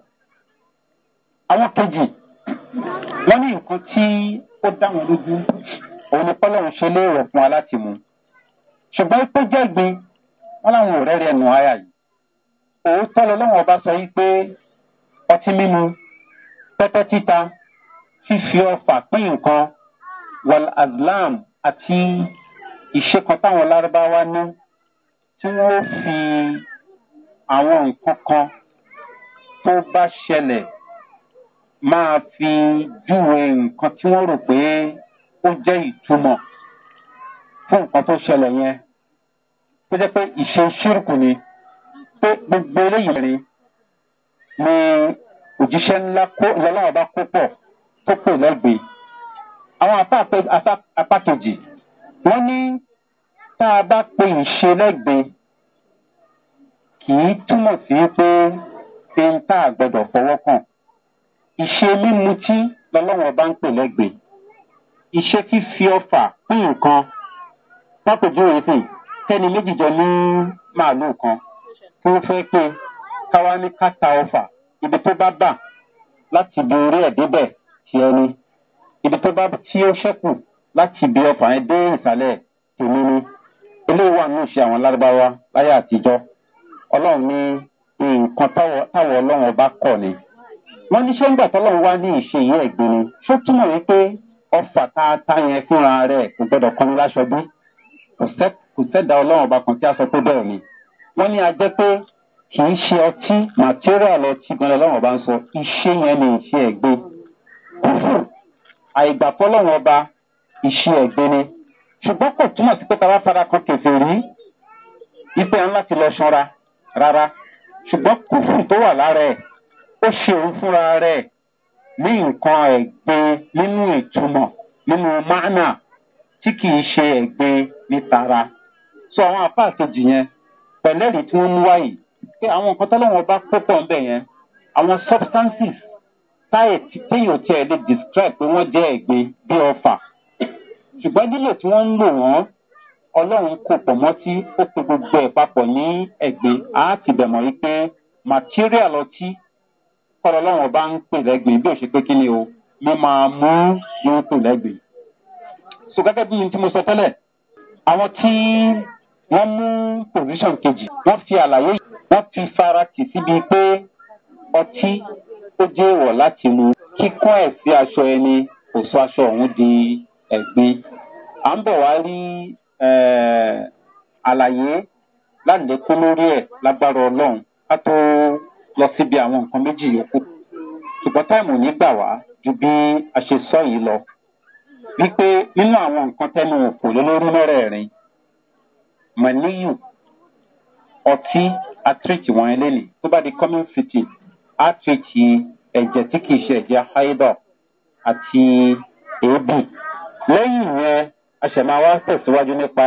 àwọn kejì wọ́n ní nǹkan tí ó dá wọn lójú òun ni pọ́lọ́run ṣe léèrò fún wa láti mú ṣùgbọ́n pé jẹ́gbin wọ́n láwọn ọ̀rẹ́ rẹ̀ nù áyà yìí òótọ́ lọ́wọ́ ọba sọ yìí pé ọtí mímu pẹ́pẹ́ títa fífi ọfà pín nǹkan wal azlam àti ìṣe kan táwọn lárúbáwá ní tí wọ́n fi àwọn nǹkan kan kan bá ṣẹlẹ̀ máa fi júwe nǹkan tí wọ́n rò pé ó jẹ́ ìtumọ̀ fún nǹkan tó ṣẹlẹ̀ yẹn tó jẹ́ pé ìṣe ṣírùkù ni pé gbogbo eléyìí rí ni òjíṣẹ́ ńlá kó ìyálàwọ̀ bá kó pọ̀ tó pè lẹ́gbẹ̀ẹ́ àwọn apá kejì wọ́n ní tá a bá pe ìṣe lẹ́gbẹ̀ẹ́ kì í túmọ̀ sí pé ṣe ń tá àgbọdọ̀ fọwọ́ kàn. ìṣe mímutí lọ́lọ́wọ́ bá ń pè lẹ́gbẹ̀ẹ́. ìṣe fífi ọfà pín nǹkan lápèjúwe sìn kẹ́ni méjì jọ ní màálù kan tí wọ́n fẹ́ pé káwá ní káta ọfà ibi tó bá bà láti ibi orí ẹ̀ débẹ̀ ti ẹni ibi tó bá tí ó ṣẹ́kù láti ibi ọfà yẹn dé ìsàlẹ̀ tèmi ni eléyìí wà ní ìṣe àwọn lárúbáwá láyé àtijọ́ ọlọ́run ní nǹkan táwọn ọlọ́run ọba kọ̀ ni wọ́n ní ṣé ńgbà tọ́lọ́run wá ní ìṣe yìí ẹ̀gbin ni ṣó túmọ̀ yín pé ọfà tá a tá yẹn fúnra rẹ̀ kò gbọ́dọ̀ kọ́ni láṣọ bí kò sẹ́dá ọlọ́run ọba kan tí a sọ pé bẹ́ẹ̀ ni wọ́n ní a jẹ́ pé kì í ṣe ọtí material ọtí gan lọ́wọ́n ọba ń sọ iṣẹ́ yẹn ni ìṣe ẹ̀gbin kúfù àìgbàpọ̀ lọ́wọ́n ọba ìṣe ẹ̀gbin ni ṣùgbọ́n kò túmọ̀ sí pé tàbá fara kan kẹfẹ́ rí ipe ńlá ti lọ ṣanra rárá ṣùgbọ́n kúfù tó wà lára ẹ̀ ó ṣe òun fúnra rẹ̀ ní nǹkan ẹ̀gbin nínú ìtumọ̀ nínú mánà tí kìí ṣe ẹ̀gbin ní tara. sọ àwọn apá àkejì yẹn pẹ̀lẹ́rì tí wọ́n mú wáyé pé àwọn nǹkan tọ́lọ́wọ́n bá púpọ̀ ńbẹ̀ yẹn àwọn substances táyẹ̀ tí téèyàn tiẹ̀ lè describe pé wọ́n jẹ́ ẹ̀gbin bí ọfà ṣùgbọ́n lílò tí wọ́n ń lò wọ́n ọlọ́run kò pọ̀ mọ́ tí ó pe gbogbo ẹ̀ papọ̀ ní ẹ̀gbin á ti bẹ̀mọ̀ yìí pé material ọtí kọ́lọ́ ọlọ́run ọba ń pè lẹ́gbin bí ó ṣe pé kí ni o mo máa mú ní ó pè lẹ́gbin. so gẹ́gẹ́ bí tí mo sọ tẹ́lẹ̀ àwọn tí wọ́n mú position kejì wọ́n fi àlàyé wọ́n fi fara tì síbi pé ọtí ó jẹ́ èèwọ̀ láti mu kíkọ́ ẹ̀ sí aṣọ ẹni kò sọ aṣọ ọ̀hún di ẹ̀gbin à ń bọ̀ wá rí um àlàyé lálẹkùn lórí ẹ lágbára ọlọrun ká tó lọ síbi àwọn nǹkan méjì yòókù ṣùgbọn táìmù ò ní gbà wá ju bí a ṣe sọ yìí lọ wípé nínú àwọn nǹkan tẹnu òkò lólórí mẹrẹẹrin mọ̀níyù ọtí àtìrìkì wọn eléyìí tó bá di coming city àtìrìkì ẹ̀jẹ̀ tí kìí ṣe ẹ̀jẹ̀ haidọ̀ àti èébù lẹ́yìn yẹn a ṣẹ̀ máa wá tẹ̀síwájú nípa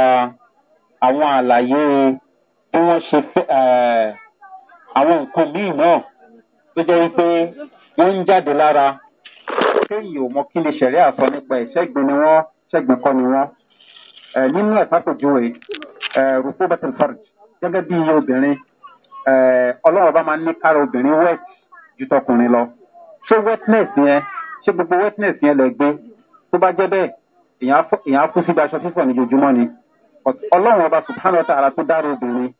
àwọn àlàyé bí wọ́n ṣe fẹ́ àwọn nǹkan míì náà tó jẹ́ wípé wọ́n ń jáde lára kéèyàn ò mọ kí ni ṣẹ̀rí àsọ nípa ẹ̀ ṣẹ́gbin ni wọ́n ṣẹ́gbin kọ́ ni wọ́n nínú ẹ̀ rúkú bẹ́tẹ̀ fọ́rẹ̀ gẹ́gẹ́ bí iye obìnrin ọlọ́run bá máa ń ní kára obìnrin wet ju tọkùnrin lọ ṣé wetness yẹn ṣé gbogbo wetness yẹn lẹ gbé tó bá jẹ́ bẹ́ẹ̀ èèyàn kú síbi aṣọ fífọ̀ ní ojoojúmọ́ ni ọlọ́run ọba subhanahu wa ta'ala tó dára obìnrin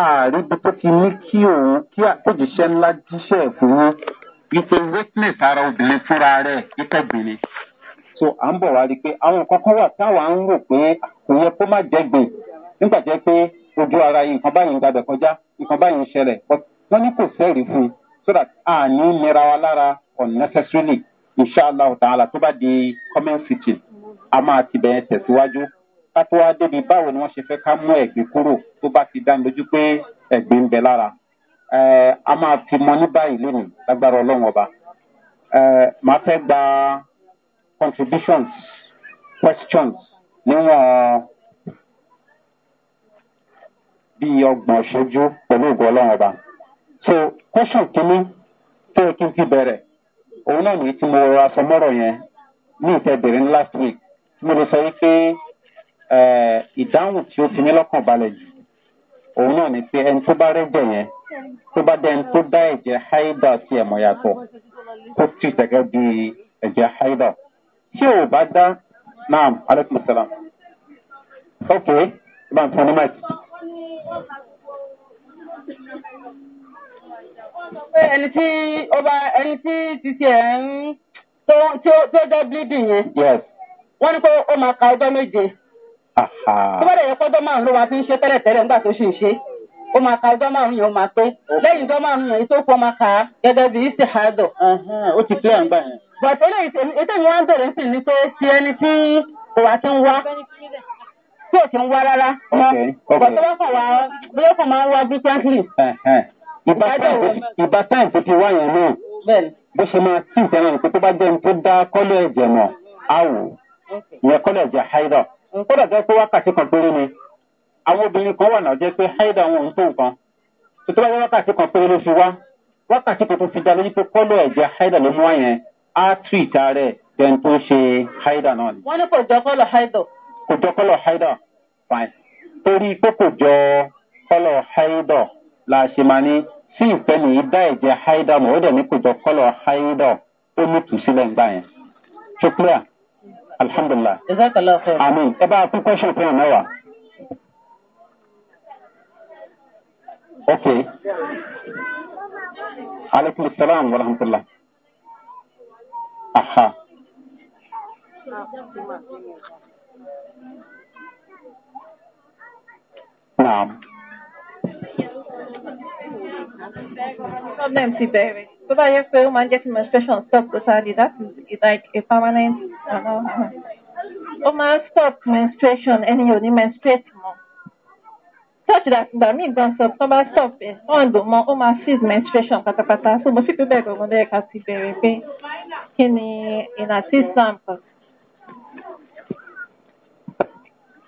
àríbi tó ti ní kí òun kí àtẹ̀jíṣẹ́ ńlá jíṣẹ́ fún wípé witness ara obìnrin fúnra rẹ̀ ìtọ́bìnrin so à ń bọ̀ wá rí i pé àwọn kankan wà táwa ń rò pé kò yẹ kó má jẹ́gbìn nígbà jẹ́ pé ojú ara yìí nǹkan báyìí ń gbàgbẹ́ kọjá nǹkan báyìí ń ṣẹlẹ̀ wọ́n ní kò sẹ́rìí fún un so that àní nira wa lára unnecessarily inshallah ta'ala tó bá di comment fitting a máa ti bẹ̀rẹ̀ tẹ̀síwájú ká tó wá débi báwo ni wọ́n ṣe fẹ́ ká mú ẹ̀gbin kúrò tó bá ti dá lójú pé ẹ̀gbin ń bẹ lára a máa fi mọ ní báyìí lónìí lágbára ọlọ́run ọba màá fẹ́ gba contributions questions níwọ̀n bíi ọgbọ̀n ṣojú pẹ̀lú ògùn ọlọ́run ọba so question kínní tó o tún fi bẹ̀rẹ̀ òun náà nìyí tí mo rọra sọ mọ́rọ̀ yẹn ní ìtẹ̀bẹ̀rẹ̀ ní last week mo lè sọ wípé ìdáhùn tí ó fi mí lọ́kàn balẹ̀ jù òun náà ni pé ẹni tó bá rẹ́jẹ̀ yẹn tó bá dé ẹni tó dá ẹ̀jẹ̀ haida sí ẹ̀mọ̀ yàtọ̀ tó tì gẹ́gẹ́ bí ẹ̀jẹ̀ haida tí ò bá dá náà aleykum salaam ok ìbá nǹkan ní mike. ẹni tí ó bá ẹni tí títí ẹ̀ ń tó tó jẹ́ bleeding yẹn. yes wọ́n ní pé ó máa ka ọjọ́ méje tó bá dẹ̀ yẹ pọ́jọ́ márùn-ún ló wá fi ń ṣe tẹ́lẹ̀tẹ́lẹ̀ nígbà tó ṣì ń ṣe ó máa ka ọjọ́ márùn-ún yẹn ó máa pé lẹ́yìn ọjọ́ márùn-ún yẹn tó kọ́ máa kà á gẹ́gẹ́ bí ìsì àádọ́. ó ti clear àgbà yẹn. bàtà eléyìí ètò ìwọ̀n ń bèrè sí ni pé ti ẹni tí kò wá ti ń wá tí ò ti ń wá rárá. bàtà wọ́n kàn wá bí ó kàn máa ń wá bí frankly. ìbá táì tó ti wá yẹn náà bó ṣe máa tí ìtẹ́wọ̀n pé tó bá jẹ́ ní tó dá kọ́lé ẹ̀jẹ̀ mọ̀ á wò ó. ìyẹn kọ́dà jẹ́ haida kọ́dà jẹ́ pé wákàtí kan péré ni àwọn obìnrin kan wà náà jẹ́ pé haida wọn ò ń tó nǹkan tó tó bá yẹ wákàtí kan péré ló fi wá wákàtí kan tó fi dá lójú pé kọ́lọ̀ ẹ̀jẹ̀ haida ló mú àyẹn á ìta ni. jọ kọlọ kò jọ fine torí pé kò jọ kọ́lọ̀ la ṣe máa ní sí ìfẹ́ ẹ̀jẹ̀ mọ̀ alhamdulillah jazakallah khair amin ẹ bá a tún question fún ọmọ wa. ok aleykum wa rahmatulah aha. Naam. Problem ti bẹ̀rẹ̀. So that yẹ pé ó máa menstruation stop the sáré that is like a permanent ó máa stop menstruation ẹni ò ní menstruate mọ́ such that ìgbà míì gan sọ tó bá stop ẹ̀ on lò mọ́ ó máa menstruation. menstruation pátápátá so most people pé bẹ́ẹ̀ gbọ́ngàn lẹ́yìn ká ti bẹ̀rẹ̀ pé kí ni ìlà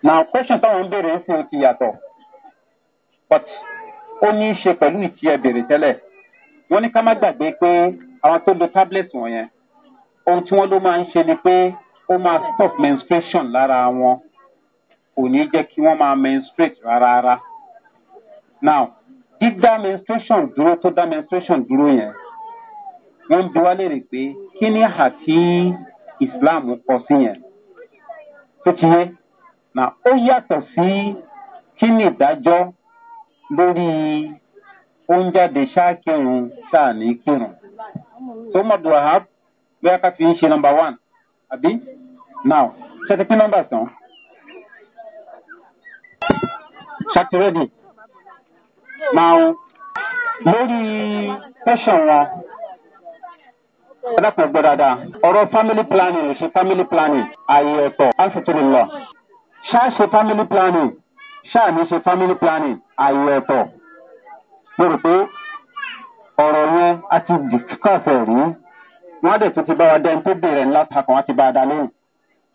now question táwọn ń béèrè ń fi ti yàtọ̀ but only she can ṣe pẹ̀lú ìtì ẹ̀ béèrè wọ́n ní ká má gbàgbé pé àwọn tó lo tablet wọ̀nyẹn ohun tí wọ́n ló máa ń ṣe ni pé ó máa stop menstruation lára wọn kò ní jẹ́ kí wọ́n máa menstruate rárá. now dídá menstruation dúró tó dá menstruation dúró yẹn wọ́n ń bi wá léèrè pé kí ni àti islam kọ sí yẹn tó ti yé na ó yàtọ̀ sí kí ni ìdájọ́ lórí ó ń jáde ṣáà kírun ṣáà ní kírun tó mọ̀ dùn àhá a ká fi ń ṣe nọmba one àbí now ṣe ti pín nọmba tán ṣàtìrẹ́dì máa ń lórí tẹ̀sán wọn ẹ̀dàkùn ọgbẹ́ dáadáa ọ̀rọ̀ family planning ṣe family planning ààyè ẹ̀tọ́ alfitulilọ ṣáà ṣe family planning ṣáà ní ṣe family planning ààyè ẹ̀tọ́ mo rò pé ọ̀rọ̀ yẹn a ti discuss ẹ̀ rí wọ́n dẹ̀ tún ti bá wa dẹ́n tó bèrè ńlá takùn àti bá a dá lóhùn.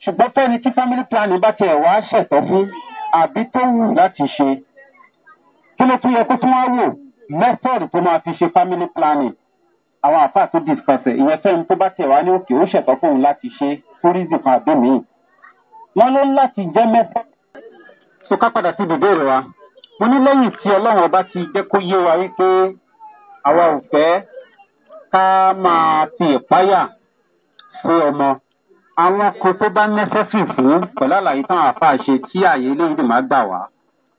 ṣùgbọ́n fẹ́ni tí family planning bá tiẹ̀ wá ṣẹ̀tọ́ fún àbí tó wù láti ṣe kí ló tún yẹ kó tún wá wò method tó máa fi ṣe family planning àwọn àfa tó discuss ìyẹn fẹ́ni tó bá tiẹ̀ wá ní òkè ó ṣẹ̀tọ́ fún òun láti ṣe tourism àbí mi. wọ́n ló ń láti jẹ́ method. so ká padà síbi ìbéèrè wa mo ní lẹ́yìn tí ọlọ́run ọba ti jẹ́ kó yé wa wípé àwa ò fẹ́ ká máa fi ìpáyà fún ọmọ àwọn kan tó bá nẹ́sẹ̀sì fún pẹ̀lú àlàyé táwọn àfáà ṣe tí ààyè eléyìí lè má gbà wá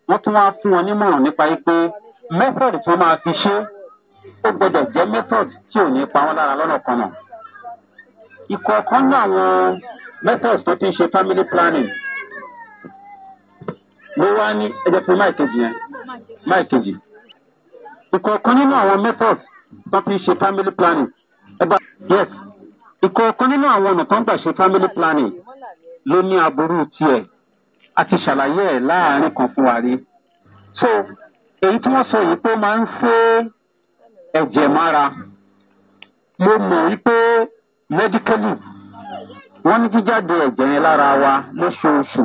wọ́n tún wá fún wọn nímọ̀ràn nípa wípé method tó máa fi ṣe ó gbọ́dọ̀ jẹ́ method tí ò ní pa wọ́n lára lọ́nà kan náà ìkọ̀ọ̀kan ní àwọn method tó ti ṣe family planning ló wá ní ẹ̀jẹ̀ pé máì kejì yẹn máì kejì. ìkọ̀ọ̀kan nínú àwọn method tó fi ṣe family planning ẹ bá yes ìkọ̀ọ̀kan nínú àwọn ọ̀nà tó ń gbà ṣe family planning ló ní aburú tiẹ̀ àti ṣàlàyé ẹ̀ láàrin kan fún wa rí. so èyí tí wọ́n sọ yìí pé máa ń fẹ́ ẹ̀jẹ̀ mára mo mọ̀ wípé medically wọ́n ní jíjáde ẹ̀jẹ̀ yẹn lára wa lóṣooṣù.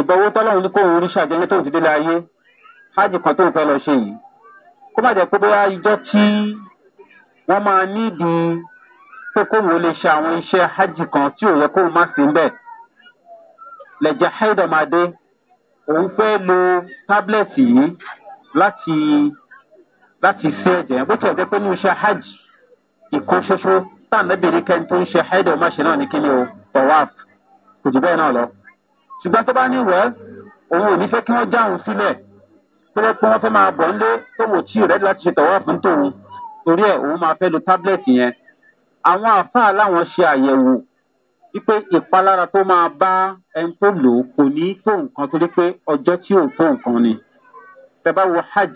ìbọwó tọ́lọ́run ní kó òun rí ṣàjẹ́ tó ti délé ayé hajj kan tó ń fẹ́ lọ ṣe yìí kó má jẹ́ pé bóyá ijọ́ tí wọ́n máa nídìí pé kóun lè ṣe àwọn iṣẹ́ hajj kan tí ò yẹ kóun má sí ń bẹ̀ lẹ̀jẹ̀ òun fẹ́ lo tábìlẹ̀tì yìí láti láti sí ẹ̀jẹ̀ bó tiẹ̀ jẹ́ pé ní iṣẹ́ hajj ìkan ṣoṣo táà nẹ́bìrì kẹ́ni tó ń ṣe haidọ̀máṣe náà ní kíni o tọ̀wáàf kò jù bẹ́ẹ̀ náà lọ ṣùgbọ́n tó bá ní wẹ́ òun ò ní fẹ́ kí wọ́n já òun sílẹ̀ tó bẹ́ pé wọ́n fẹ́ máa bọ̀ ńlé tó wò tí rẹ̀ láti ṣe tọ̀wọ́ fún tòun torí ẹ̀ òun máa fẹ́ lo tábìlẹ̀tì yẹn àwọn àfáà láwọn ṣe àyẹ̀wò wípé ìpalára tó máa bá ẹni tó lò ó kò ní tó nǹkan torí pé ọjọ́ tí ò tó nǹkan ni tẹ bá wo hajj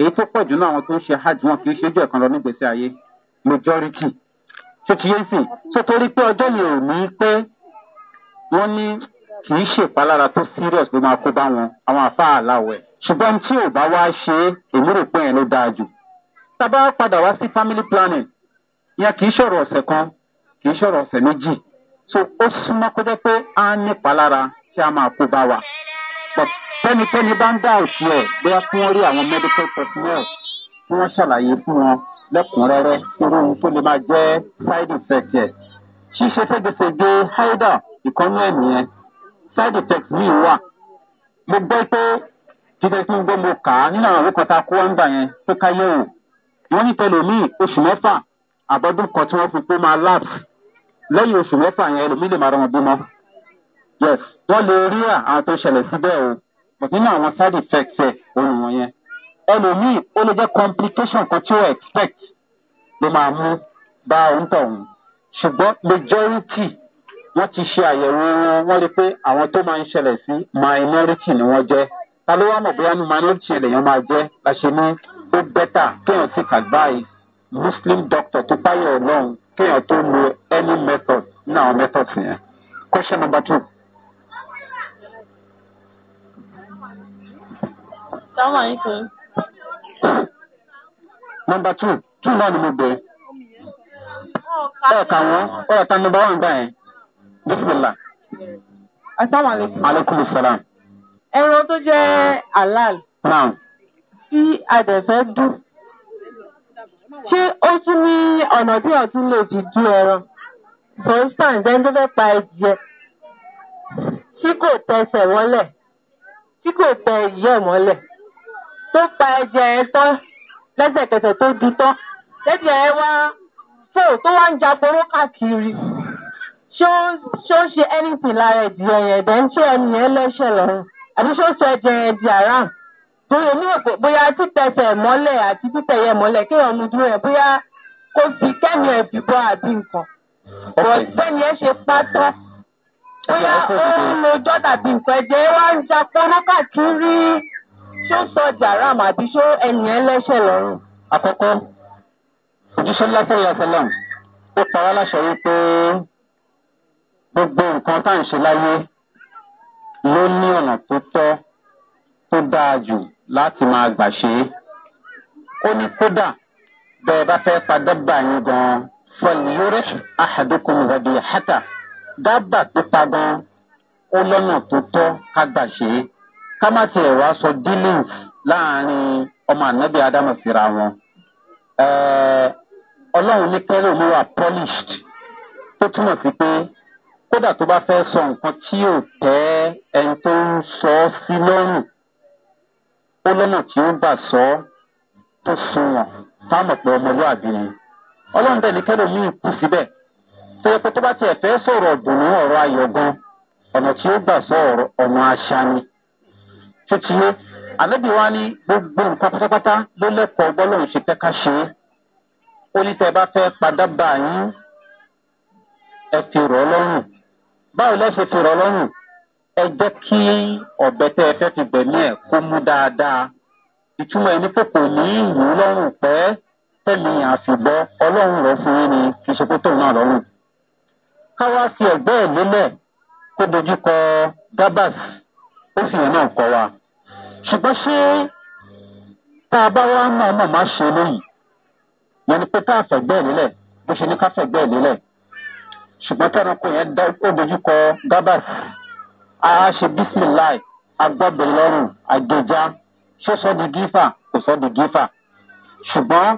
èyí tó pọ̀ jù náà àwọn tó ń ṣe hajj wọn kì í ṣe jù ẹ̀kan lọ nígbèsí ayé majority ṣé kìí sìn tó torí pé ọjọ́ yẹn ò ní pé wọ́n ní kì í ṣèpalára tó serious ló máa kó bá wọn àwọn àfa àláwẹ̀ ṣùgbọ́n tí ò bá wá ṣe é èmi rò pé yẹn ló dáa jù. tábà padà wá sí family planning yẹn kì í ṣọ̀rọ̀ ọ̀sẹ̀ kan kì í ṣọ̀rọ̀ ọ̀sẹ̀ méjì so ó súnmọ́ kó jẹ́ pé á nípalára tí a máa kó bá wa. tẹ́nitẹ́ni bá ń dá òsì ẹ̀ bóyá kí wọ́n rí àwọn medical personnel kí wọ́n ṣàlàyé fún wọn lẹ́kùnrẹ́rẹ́ irú ohun tó lè máa jẹ́ side effect ẹ̀. ṣíṣe fẹ́gbẹ́fẹ́gbẹ́ haida ìkọ́nú ẹ̀ nìyẹn side effects yìí wa. mo gbọ́ pé jíjẹ tí mo gbọ́ mo kà á nínú àwọn àwòkọ́ tá a kó wá ń gbà yẹn pé ká yẹ̀ wò wọ́n ní tẹlẹ̀míì oṣù mẹ́fà àbọ̀dún kan tí wọ́n fi pé máa láàbù lẹ́yìn oṣù mẹ́fà yẹn ẹlòmíì lè máa rán wọn bímọ yes wọ́n lè rí àwọn tó ṣẹlẹ̀ síbẹ̀ o but nínú àwọn side effects ẹ̀ òun wọ̀nyẹn ẹlòmíì ó lè jẹ́ complication kan tí ó expect ló máa mú bá òun tọ̀hún ṣùgbọ́n majority wọ́n ti ṣe àyẹ̀wò wọn wọ́n rí pé àwọn tó máa ń ṣẹlẹ̀ sí minority ni wọ́n jẹ́ ta ló wà mọ̀ bóyá ní minority ènìyàn máa jẹ́ la ṣe mú ó bẹ́tà kéèyàn sì kà báyìí muslim doctor tó báyọ̀ ọlọ́run kéèyàn tó lo any method ní àwọn methods yẹn. question number two. sáwọn àyíkò. number two two náà ni mo bẹ̀ ẹ̀ kà wọ́n ọ̀rọ̀ ta number one báyìí bisimilá. asalaamualeykum. aleykum salaam. ẹran tó jẹ́ alal. naam. tí a dẹ̀ fẹ́ dùn. ṣé ó tún ní ọ̀nà tí ọ̀tún lè fi dú ẹran? for instance ẹni tó fẹ́ pa ẹ̀jẹ̀ tí kò tẹsẹ̀ wọlẹ̀ tí kò tẹ ẹ̀jẹ̀ mọ́lẹ̀ tó pa ẹ̀jẹ̀ ẹ̀ tán lẹ́sẹ̀kẹsẹ̀ tó dun tán lẹ́sẹ̀ ẹ̀ wá fò tó wá ń japoró káàkiri ṣó ṣó ṣe anything lára ẹ̀dìyẹ yẹn ẹ̀dẹ̀ ń ṣó ẹni yẹn lẹ́ṣẹ̀ lọ́rùn àbí ṣó sọ ẹ̀jẹ̀ yẹn di haram torí èmi rò pé bóyá títẹsẹ̀ mọ́lẹ̀ àti títẹ̀yẹ mọ́lẹ̀ kéèyàn nu dúró yẹn bóyá kó fi kẹ́mi ẹ̀ fi bọ́ àbí nǹkan bọ̀ sẹ́ni ẹ̀ ṣe pátọ́ bóyá ó ń lo jọ́dà bí nǹkan ẹ̀jẹ̀ ẹ̀ wá ń ja pọ́nrọ́ káàkiri ṣó sọ jàrám àbí ṣó ẹni yẹn lẹ́ṣẹ̀ lọ́rùn. àkọ́kọ́ ojúṣe lásán yasọ́lá ó pa wá láṣọ wípé gbogbo nǹkan tá à ń ṣe láyé ló ní ọ̀nà tó tọ́ tó dáa jù láti máa gbà ṣe é. ó ní kódà bẹ́ẹ̀ bá fẹ́ pa dábàá yín gan-an fọlùyórè àhàdókòwò rẹ̀dì hátà dábàá pípa gan-an ó lọ́nà tó tọ́ ká gbà ṣe é. ká má tiẹ̀ wá sọ dealings láàrin ọmọ ànábì ádámù síra wọn. ọlọ́run ní kẹ́lẹ́ òmùwà polished tó túmọ̀ sí pé kódà tó bá fẹ́ sọ nǹkan tí ò tẹ́ ẹni tó ń sọ ọ́ sí lọ́rùn ó lọ́nà tí ó gbà sọ ọ́ tó sunwọ̀n táwọn ọ̀pọ̀ ọmọlúwàbí ni ọlọ́run bẹ́ẹ̀ ni kẹ́lò mí kú síbẹ̀ tó yẹ pé tó bá tiẹ̀ fẹ́ sọ̀rọ̀ dùnú ọ̀rọ̀ ayọ̀ gan ọ̀nà tí ó gbà sọ ọ̀nà àṣà ni tó ti wa ní gbogbo nǹkan pátápátá ló lẹ́kọ̀ọ́ gbọ́lọ́run ṣe fẹ́ ṣe é ó ní tẹ́ bá fẹ́ padà bá yín ẹ fi rọ̀ ọ́ lọ́rùn báwo lẹ́sẹ̀ tó rọ̀ lọ́rùn ẹ jẹ́ kí ọ̀bẹ tẹ́ ẹ fẹ́ ti gbẹ̀mí ẹ̀ kó mú dáadáa ìtumọ̀ ẹni pé kò ní í lọ́rùn pẹ́ tẹ̀mí àfìbọ́ ọlọ́run rẹ̀ fún yín ni kì í ṣe pé tóun náà lọ́rùn. káwá fi ẹ̀gbẹ́ ẹ̀ lélẹ̀ kó dojú kọ gabas ó sì yẹn náà kọ wa ṣùgbọ́n ṣé tá a bá wá náà náà má ṣe lóyìn yẹn ni pé ká fẹ̀gbẹ́ ẹ̀ lélẹ̀ bó ṣe ní ká fẹ̀gbẹ́ ẹ̀ lélẹ̀ ṣùgbọ́n tẹ̀ránkò yẹn ó dojú kọ gabas a ṣe bisimilayi agbọ́bẹ̀ lọ́rùn àjẹjá ṣó sọ di gífà kò sọ di gífà ṣùgbọ́n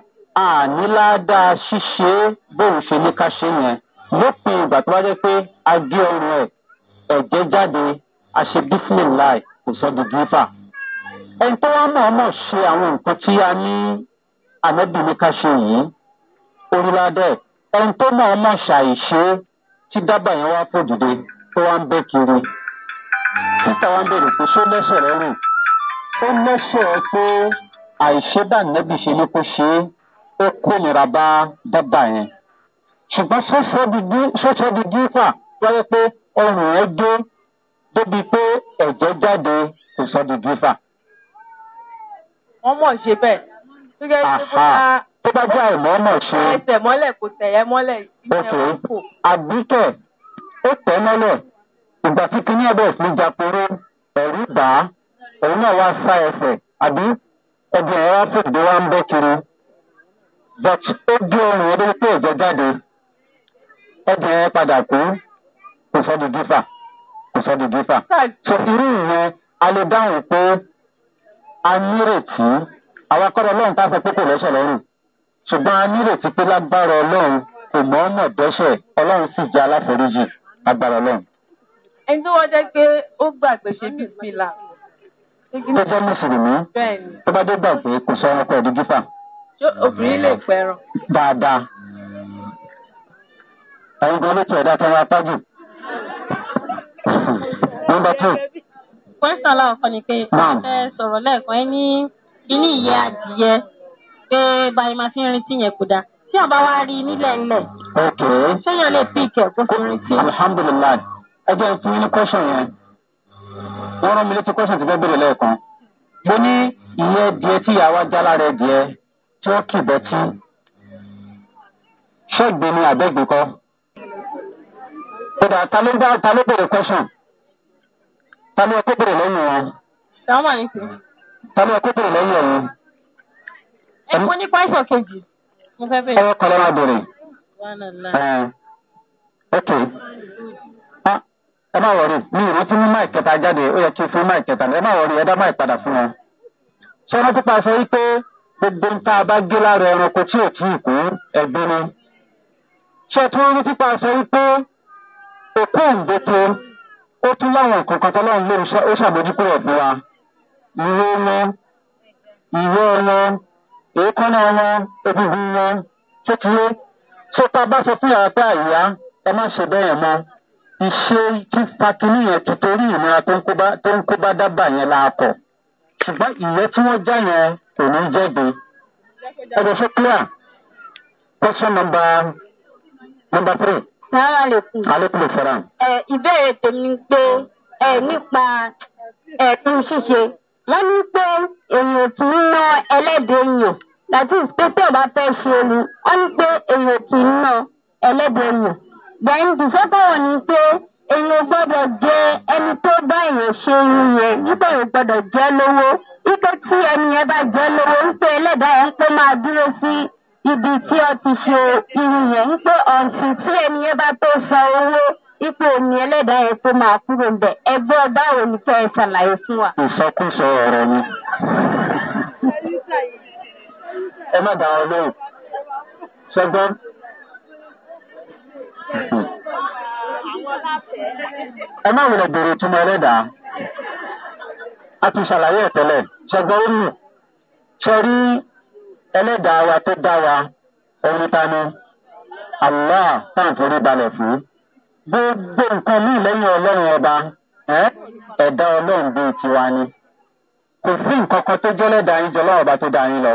àníláàdá ṣíṣe bóun ṣe ní ká ṣe yẹn lópin ìgbà tó bá jẹ́ pé a gé ọrùn ẹ̀ ẹ̀jẹ̀ jáde a ṣe bisimilayi kò sọ di gífà ẹni tó wá mọ̀ọ́mọ̀ ṣe àwọn nǹkan tí a ní ànábì ní ká ṣe yìí orílẹ̀ ẹni tó mọ̀ọ́mọ̀ ṣàìṣe tí dábà yẹn wá fò dìde tó wá ń bẹ́ kiri títà wá ń bèrè pé ṣó lẹ́sẹ̀ rẹ rìn ó lẹ́sẹ̀ pé àìṣébà nẹ́bì ṣe ni kó ṣe é ó kó nira bá dábà yẹn ṣùgbọ́n sọ́sọ́ di dífà wáyé pé ọrùn ẹ dé débi pé ẹ̀jẹ̀ jáde kò sọ́ di dífà. wọ́n mọ̀ ṣe bẹ́ẹ̀ gẹ́gẹ́ bí bóyá tó bá jẹ́ àìmọ́mọ̀ ṣe. ẹsẹ̀ mọ́lẹ̀ kò tẹ̀yẹ mọ́lẹ̀ ìṣẹ́ wọn kò. àbíkẹ́ ó tẹ̀ mọ́lẹ̀ ìgbà tí kinní ẹ̀bẹ̀ sí japoro ẹ̀rú bá òun náà wá sá ẹsẹ̀ àbí ẹ̀jẹ̀ ẹ̀rọ fèdè wá ń bẹ́ kiri but ó gé ọrùn orí pé ìjọ jáde ẹ̀jẹ̀ ẹ̀ padà kú kò sọ́ di dífà kò sọ́ di dífà. so irú ìyẹn a lè dáhùn pé a nírètí àwọn akọ́dọ̀ ọlọ́run tá a sọ pé kò lọ́sọ̀ lọ́rùn ṣùgbọ́n a nírètí pé lágbára ọlọ́run kò mọ́ ọmọ dẹ́sẹ̀ ọlọ́run sì jẹ́ aláforíjì agbára ọlọ́run. ẹni tó wọ́n jẹ́ pé ó gbàgbé ṣe bíbí la. tó jẹ́ mùsùlùmí tó bá dé gbàgbé kò sọ ọmọ pẹ̀lú gífà. ṣé obìnrin lè pẹran. dáadáa ẹ̀yin kan ló tẹ̀ ẹ̀dá tó máa tájù. nọmba two. pẹ́ńtà aláwọ̀ kan ni pé ẹ sọ̀rọ̀ lẹ́ẹ̀kan ẹ ní kíní ìyẹ́ adìyẹ pé báyìí máa fi ń rìn tí yẹn kò dáa tí ọba wa rí nílẹ̀ nílẹ̀. ok sẹ́yìn lè pí ìkẹ́ kó fi rìn tí. alhamdulilayi ẹ jẹ́ fún yín ní kọ́sọ̀ yẹn wọ́n rán mi létí kọ́sọ̀ tí fẹ́ bèrè lẹ́ẹ̀kan mo ní ìyẹn díẹ̀ tí ìyàwó ajálá rẹ̀ díẹ̀ tí wọ́n kì bẹ́tí ṣẹ́gbẹ́ ni àbẹ́gbẹ́ kọ́ kódà ta ló bá ta ló bèrè kọ́sọ̀ ta ló ẹ bèrè lẹ́yìn wọn. ta ló ẹ bèrè lẹ́yìn ọ̀hún ẹ fún ní pásọ kejì mo fẹ́ bẹ̀rẹ̀. ẹ kọ́ lọ́wọ́ bèrè. ok ẹ má wọrí mi ò rántí mú máì kẹta jáde ó yẹ kí n fún máì kẹta ẹ má wọrí ẹ dá máì padà fún wọn. sọ pípa sọ wípé gbogbo ń tá a bá gé lára ẹranko tí ò tí ì kú ẹgbẹ́ ni. sọ tí wọn pípa sọ wípé òkú òǹdókò ó tún láwọn nǹkan kan tọ́lọ́run ló ń ṣàmójúkúrò fún wa. ìwé wọn ìwé wọn èékánná wọn ebubu wọn tó ti yé tó tá a bá sọ fún yàrá pé àyà ẹ má ṣe bẹ́ẹ̀ mọ́ ìṣe títa kínní yẹn ti torí ìnira tó ń kó bá dábàá yẹn la ṣùgbọ́n ìyẹ́ tí wọ́n já yẹn kò ní jẹ́bi ẹ̀rọ fún clear question number number three. Sára lè kú. Alekun lè fẹ́ràn. Ẹ ìbéèrè tèmi pé ẹ nípa ẹ̀kún ṣíṣe. Wọ́n ní pé èèyàn kì í mọ ẹlẹ́dẹ̀ẹ́ that is pé tí ọba fẹ́ ṣe ni wọ́n ní pé èèyàn kì í ná ẹlẹ́bẹ̀ẹ́yàn then the second one ni pé èèyàn gbọ́dọ̀ jẹ ẹni tó bá èèyàn ṣe irú yẹn nígbà yẹn gbọ́dọ̀ jẹ́ lówó wípé tí ẹni yẹn bá jẹ́ lówó wípé ẹlẹ́dàá yẹn pé máa dúró sí ibi tí ọ ti ṣe irú yẹn wípé ọ̀sìn tí ẹni yẹn bá tó san owó ipò omi ẹlẹ́dàá yẹn pé máa kúrò ń bẹ̀ ẹgbẹ́ ọba òní ẹ má dà ọ lóhùn ṣẹgbọn. ẹ má wulẹ̀ bèrè túmọ̀ ẹlẹ́dàá a ti ṣàlàyé ẹ̀ tẹ́lẹ̀ ṣẹgbọn ó nù ṣe ẹlẹ́dàá wa tó dá wa ẹni ta ni allah balẹ̀ fún gbogbo nǹkan ní ìlẹ́yìn ọlọ́run ọba ẹ̀dá ọlọ́run bíi tiwa ni kò sí nǹkan kan tó yín tó dá lọ.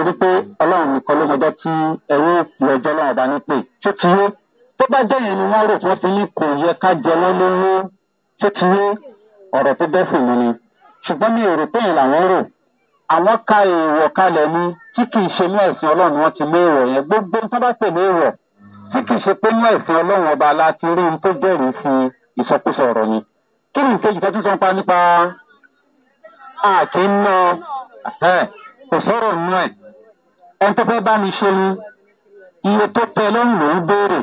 torí pé ọlọ́run nìkan ló mọjọ́ tí ẹ̀rọ òfin ọjọ́ náà bá ní pè tó ti yé tó bá jẹ́ yẹn ni wọ́n rò tí wọ́n fi ní kò yẹ ká jẹ wọ́n lówó tó ti yé ọ̀rọ̀ tó bẹ́ fún mi ni ṣùgbọ́n mi ò rò pé yẹn làwọn rò àwọn ka èèwọ̀ kalẹ̀ ni tí kì í ṣe ní ẹ̀sìn ọlọ́run wọn ti mú èèwọ̀ yẹn gbogbo tó bá pè ní èèwọ̀ tí kì í ṣe pé ní ẹ̀sìn ọlọ́run ọba láti rí ohun tó jẹ́rìí fún ìsọkúsọ ọ̀rọ̀ ni kí ni ìkejì kan tún sọ nípa nípa àkínná kò sọ̀rọ̀ nù ẹ̀ ẹni fẹ́ bá mi ṣe ni iye tó tẹ lọ́rùn ló ń béèrè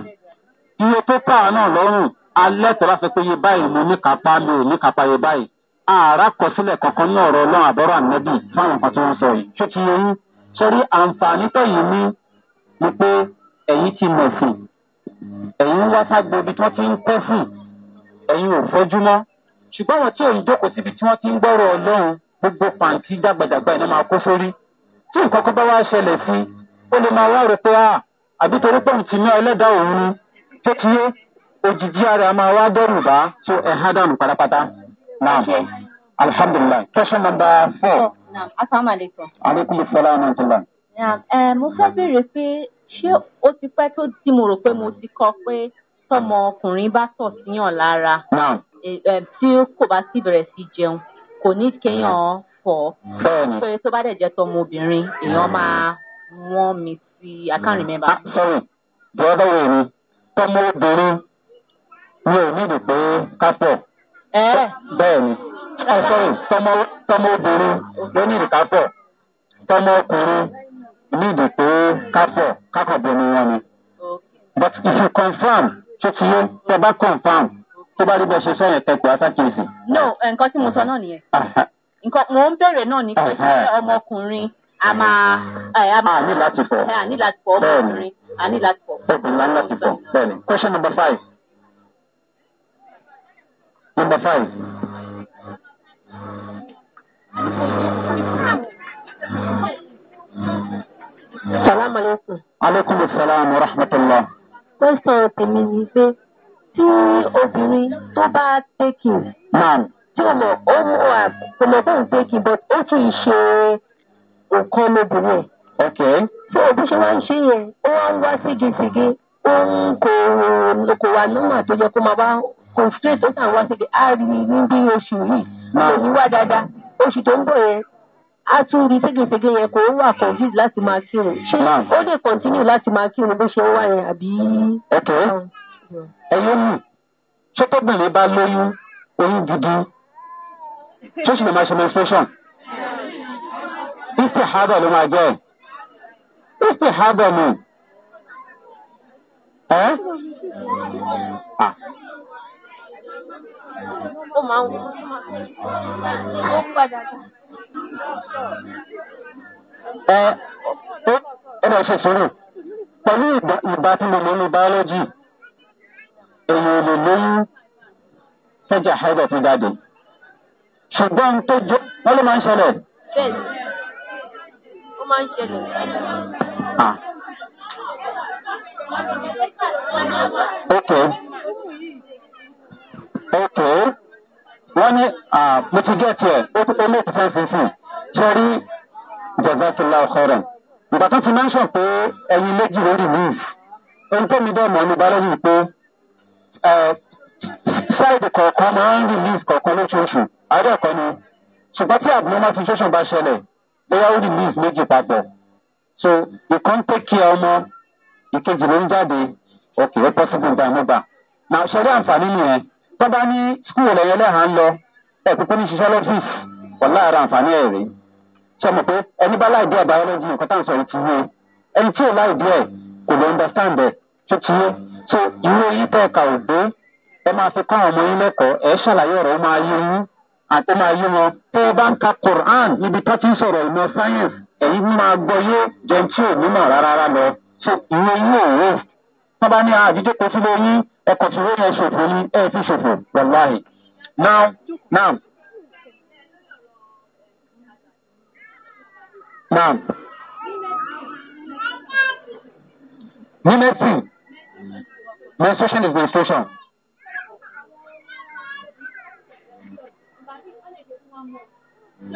iye tó tà náà lọ́rùn alẹ́ tó bá fẹ́ pé iye báyìí mo níkàápá mi ò níkàápá iye báyìí ààrá kankan ní ọ̀rọ̀ ọlọ́run àbọ̀rọ̀ ànẹ́bì fáwọn tí wọ́n sọ yìí ti yẹn àǹfààní ní ti mọ̀ fún ẹ̀yìn wá ságbo tí wọ́n ń kọ́ síbi tí wọ́n ti ń gbọ́rọ̀ gbogbo pàǹtí dàgbàdàgbà ẹ̀ náà máa kó tí nǹkan kan bá wá ṣẹlẹ̀ sí ó lè máa wá rò pé a ah, àbí torí pọ̀ ti mí ẹlẹ́dàá òun ni tó ti yé òjijì ara a máa wá dẹ́rù bá tó ẹ̀hán dànù pátápátá. alhamdulilayi question number four. Naam asalaamualeykum. Aleykum salaam wa rahmatulah. mo fẹ́ béèrè pé ṣé o ti pẹ́ tó tí mo rò pé mo ti kọ pé tọmọ ọkùnrin bá tọ̀ síyàn lára tí kò bá sì bẹ̀rẹ̀ sí jẹun kò ní kéèyàn fọ́ ṣé tó bá dẹ̀ jẹ́ tọmọbìnrin èèyàn máa wọ́n mi sí i can't mm. remember. Ah, sorry jọba wèrè tọmọbìnrin mi ò nídìí pé kápọ̀ bẹ́ẹ̀ ni ah, sorry tọmọbìnrin ló nídìí kápọ̀ tọmọkùnrin nídìí pé kápọ̀ kákọ̀bìnrin wọn ni but if you confirm ṣé ti yé tẹ bá confirm tó bá rí bẹ́ẹ̀ ṣe sọ yẹn tẹ pé aṣákìyèsí. no nǹkan tí mo sọ náà nìyẹn. Ah, nke mò ń bèrè náà ni pé ṣé ọmọkùnrin a máa a máa ní láti a ní láti fọ ọmọkùnrin a ní question number five number five. salaam aleykum. salaam wa rahmatulah. question tèmi ni pé tí obìnrin tó bá jọ̀nà ó mú àpòmọ̀tán gbégi but ó tún ṣe nǹkan lóbìnrin. ok. tí òbí ṣe wá ń ṣe yẹn ó wá ń wá ségesège ó ń kò kò wà nímọ̀ tó yẹ kó máa bá kò straight ó kàn wá sége á rí i ní bí oṣù yìí kò ní wá dáadáa oṣù tó ń bọ̀ yẹn á tún rí ségesège yẹn kò wà confused láti máa kírun ṣé ó lè continue láti máa kírun bó ṣe ń wá yẹn àbí. ok ẹyin mú sọtọ́bìnrin bá lóyún oyún gidi ṣéṣì lè máa ṣe menstruation ife hada ló máa jẹ ife hada mu ẹ à. ó máa ń wọ́n padà bọ̀. ẹ ẹ bá ṣe sùúrù pẹ̀lú ìgbà tí mo mọ̀ ní báyọ́lọ́jì èèyàn ò lè lóyún sẹ́jà hada ti jáde ṣùgbọ́n tó jẹ́ wọ́n ló máa ń ṣẹlẹ̀. bẹ́ẹ̀ni ok ok wọ́n ní mo ti gẹ́ tiẹ̀ ó ti pẹ́ méjì fẹ́ fífi sọ́rí jazakila ọ̀kọ́rẹ̀ ìgbà tó ti mention pé ẹyin méjì ló remove ohun tó mi dẹ́ mọ́ ní balẹ̀ yìí pé ṣáìdì kọ̀ọ̀kan máa ń remove kọ̀ọ̀kan lóṣooṣù. àárẹ̀ kọ́ ni ṣùgbọ́n tí abnormal situation bá ṣẹlẹ̀ bóyá ó release méjì papọ̀ so ìkan take care ọmọ ìkejì ló ń jáde ok ó possible gbà mú gbà náà ṣẹlẹ̀ àǹfààní nìyẹn tó bá ní school ẹ̀yẹ lẹ́hàá ń lọ ẹ̀ pípé ní ṣiṣẹ́ lọ́fíìsì wọ́n láàárọ̀ àǹfààní ẹ̀ rèé ṣe mọ̀ pé ẹni bá biology nǹkan sọ yìí ti understand ẹ̀ tó so ìwé ọmọ yín lẹ́kọ̀ọ́ ẹ̀ ṣàlàyé ọ̀rọ̀ ó máa yé àti máa yé wọn tó o bá ń ka quran ibi tó ti ń sọ̀rọ̀ ìmọ̀ sáyẹ́nsì èyí máa gbọ́ yé jẹun tí ò nímọ̀ rárá lọ so ìwé yìí ò wò wọn bá ní àdídé kò sí lórí ẹ̀kọ́ tí lórí ẹ̀ṣọ̀fọ̀ ní ẹ̀ fi ṣòfò wàláhì now now now ní menstruation is menstruation. Okay.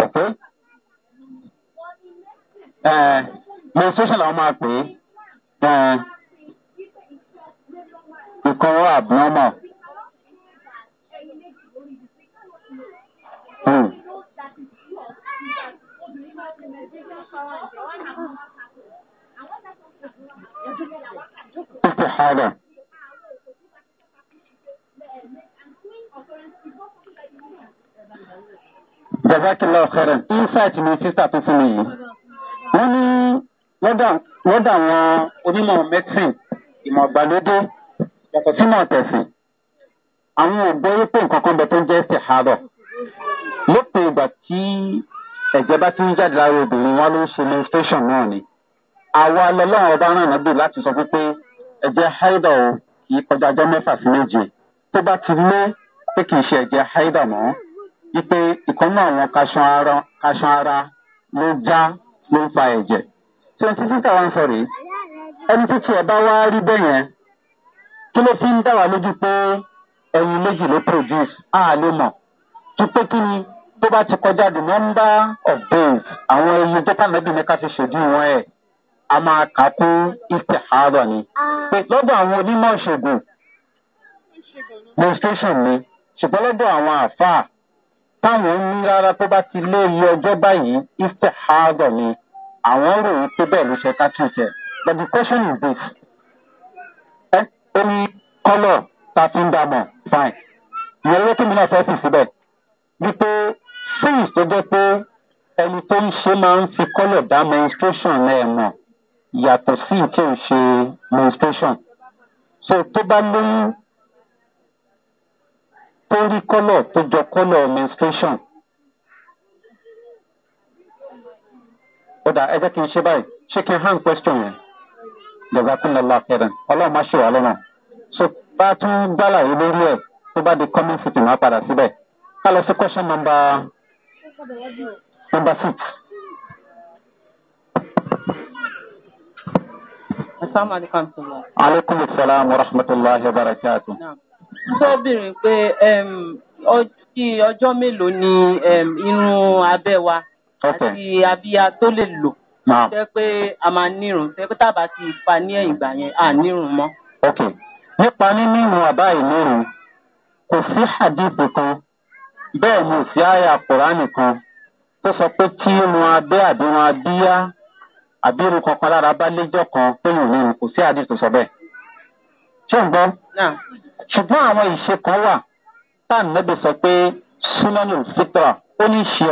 Okay. Eh, Ẹ menstruation làwọn máa pè é. Ẹ eh, ìkọrọ abnormal. Hmm. Istihadah. Jazakallah khairan. Insight ni sísà tó fún mi yìí. Wọ́n ní lọ́dọ̀ àwọn onímọ̀ mẹ́tìrì ìmọ̀ ìgbàlódé yàtọ̀ sí mọ̀ tẹ̀sìn. Àwọn ò gbọ́ wípé nǹkan kan bẹ tó ń jẹ́ istihadah. Lópin ìgbà tí ẹ̀jẹ̀ bá ti ń jáde lára obìnrin wọn ló ń ṣe menstruation náà ni àwa lọ́lọ́run ọba rán nàbì láti sọ pé ẹ̀jẹ̀ haida o kì í kọjá ọjọ́ mẹ́fà sí méje tó bá ti lé pé kì í ṣe ẹ̀jẹ̀ haida mọ́ wípé ìkànnì àwọn kaṣan ara ló já ló ń fa ẹ̀jẹ̀ tí wọ́n ti sísè ẹni títí ẹ̀ bá rí bẹ́ẹ̀ kí ló fi ń dá wa lójú pé ẹyin méjì ló produce a lè mọ̀ tó pé kí ni tó bá ti kọjá the number of days àwọn iye tó kà lẹ́bi ní ká fi ṣèdí wọn ẹ̀ a máa kà kún ife àárọ̀ ni. Ah. pé lọ́dọ̀ àwọn onímọ̀ ìṣègùn menstruation ni ṣùgbọ́n lọ́dọ̀ àwọn àfáà táwọn ń ní rárá tó bá ti lé iye ọjọ́ báyìí ife àárọ̀ ni àwọn rò ó pé bẹ́ẹ̀ ló ṣe ká tún ṣe. but the question is this ẹ ó ní kọ́lọ̀ tá a fi ń dà mọ̀ fine ìyẹn ló kí mi náà fẹ́ sì síbẹ̀ wípé shoes tó jẹ́ pé ẹni tó ń ṣe máa ń fi kọ́lọ̀ dá menstruation náà mọ̀ yàtọ̀ sí nǹkan ò ṣe menstruation so tó bá lóyún tó rí kọ́lọ̀ tó jọ kọ́lọ̀ menstruation. ọ̀dà ẹ jẹ́ kí n ṣe báyìí ṣé kí n hàn question yẹn jazakunlala fẹ́ràn ọlọ́run má ṣe wà lọ́nà so bá a tún gbálà yìí lórí ẹ̀ tó bá di common fitting wá padà síbẹ̀ ká lọ sí question number. Number six. Assalamu alaikum. Aleykum salaam wa rahmatulahi wa barakatu. Sọ bìnrin pé kí ọjọ́ mélòó ni irun abẹ́ wa àti abíyá tó lè lò. Ṣé pé a máa nírun? Ṣé pé tábà ti fa ní ẹ̀yìn ìgbà yẹn? À nírun mọ́. Ok. Nípa nínú àbá ìlérò, kò sí àdìsí kan bẹ́ẹ̀ ni òsì àyà kùránì kan tó sọ pé kí irun abẹ́ àbí irun abíyá àbí irun kankan lára bá léjọ́ kan péyìn ní kò sí àdìs tó sọ bẹ́ẹ̀. ṣé ń gbọ́? ṣùgbọ́n àwọn ìṣe kan wà táà nẹ́bí sọ pé súnmọ́nì fitra ó ní ṣe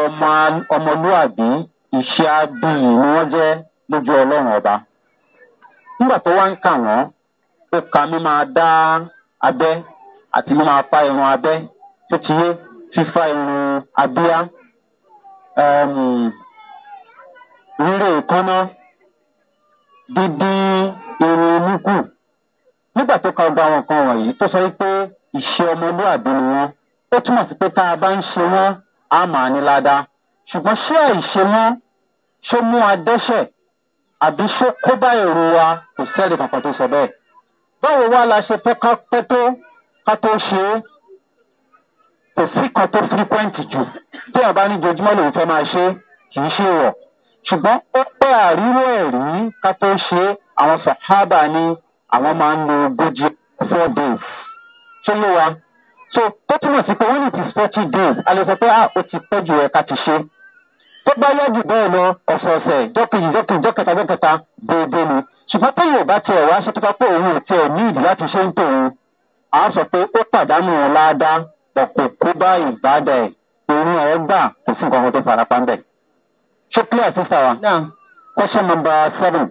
ọmọlúàbí ìṣe abiyì ni wọ́n jẹ́ lójú ọlọ́run ọba. nígbà tó wá ń kà wọ́n ó ka mímáa dá abẹ́ àti mímáa pa irun abẹ́ tó ti yé fífa irun abíyá rírè èékánná dídí irun inú kù nígbà tó ka gba àwọn nǹkan wọ̀nyí tó sọ wípé ìṣe ọmọlúàbí ni wọ́n ó túmọ̀ sí pé tá a bá ń ṣe wọ́n á màá ní ládàá ṣùgbọ́n ṣé àìṣe wọ́n ṣó mú wa dẹ́ṣẹ̀ àbí ṣó kó bá èrò wa kò sẹ́ẹ̀lì kankan tó sọ bẹ́ẹ̀ báwo wá la ṣe fẹ́ ká pẹ́ tó ká tó ṣe é sí kan tó frequent jù tí a bá ní jojúmọ́ lòun fẹ́ máa ṣe kì í ṣe wọ̀ ṣùgbọ́n ó pẹ́ àríró ẹ̀ rí ká tó ṣe àwọn sàhábà ni àwọn máa ń lo ogójì four days tó yé wa so tó túmọ̀ sí pé when it is forty days a lè sọ pé ah o ti pẹ́ jù ẹ̀ ká ti ṣe tó bá yájú bẹ́ẹ̀ lọ ọ̀sọ̀ọ̀sẹ̀ jọ́kejì jọ́kejì jọ́kẹta jọ́kẹta déédéé ni ṣùgbọ́n tó yóò bá tiẹ̀ wá ṣe tó bá pé òun ò tiẹ̀ ní ìdí láti ṣe ń tòun àá sọ pé ó pàdánù ọ̀ láadáa pọ̀ kò kó bá ìbàdà ẹ̀ òun ẹ̀ gbà kò sí nǹkan kan tó fara pa ń bẹ̀. ṣé clear sísá wa. question number seven.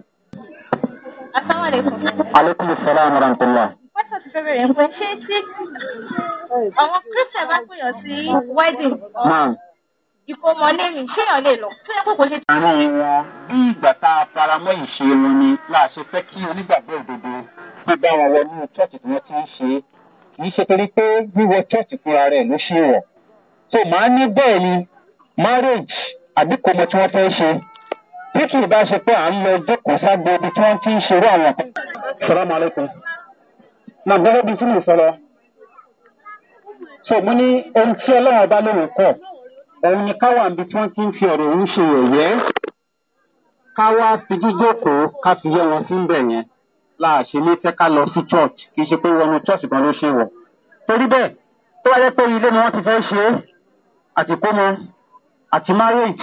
asalaamualeykum. aleykum salaam wa rahmatulah. pásítọ̀ ti fẹ́ bẹ̀rẹ̀ ń pẹ́ ṣé tí àwọn christian bá pèèyàn sí wedding ìkómọ lẹ́yìn ṣé èèyàn lè lọ tó yẹ kó kò ṣe. àárín wọn bí ìgbà tá a faramọ́ ìṣe wọn ni láà ṣe fẹ́ kí onígbàgbọ́ òdodo tó bá wọn wọnú chọ́ọ̀tì tí wọ́n ti ń ṣe é kì pé wíwọ church fúnra rẹ̀ so màá ní bẹ́ẹ̀ ni marriage àbí tí ṣe bí kì bá ṣe pé à ń lọ jókòó ságbó ibi tí wọn ti ń ṣerú àwọn kan. salamu alaykum na gbọ́dọ̀ bí sínú lọ. so mo ní ohun tí ọlọ́run ọba òun ni káwa tí wọ́n ti ń fi fi jíjókòó ká fi yẹ wọn sí ń bẹ̀ la ṣe lè fẹ́ ká lọ sí church kì í ṣe pé wọnú church kan ló ṣe wọ̀. torí bẹ́ẹ̀ tó wáyé pé ilé ni wọ́n ti fẹ́ ṣe é àti kómọ àti marriage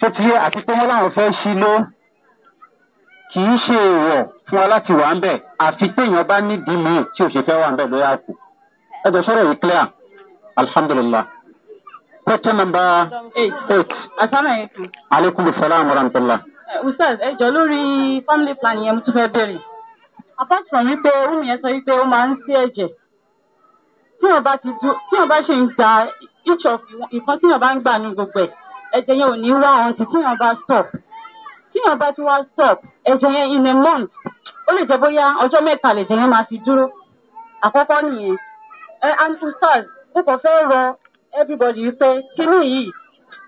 tó ti yé àti pé wọ́n láwọn fẹ́ ṣí ló kì í ṣe èèwọ̀ fún wa láti wà ń bẹ̀ àfi pé èèyàn bá nídìí mi tí ò ṣe fẹ́ wà ń bẹ̀ lóyà kù. ẹ jọ sọ̀rọ̀ yìí clear alhamdulilah. question number eight. eight. aleykum salaam wa rahmatulah. Uh, ustaz ẹ jọ lórí family planning yẹn mo tún fẹ́ bẹ̀rẹ̀ apart from wípé ohun yẹn sọ wípé ó máa ń sí ẹ̀jẹ̀ tí wọn bá ti du tí wọn bá ṣe ń gba each of ìkan tí wọn bá ń gbà ní gbogbo ẹ̀ ẹ̀jẹ̀ yẹn ò ní wá ọ̀hún ti tí wọn bá stop tí wọn bá ti wá stop ẹ̀jẹ̀ yẹn in a month ó lè jẹ́ bóyá ọjọ́ mẹ́ta lẹ̀jẹ̀ yẹn máa fi dúró àkọ́kọ́ nìyẹn ẹ andrew stars ó kàn fẹ́ rọ everybody pé kíní yìí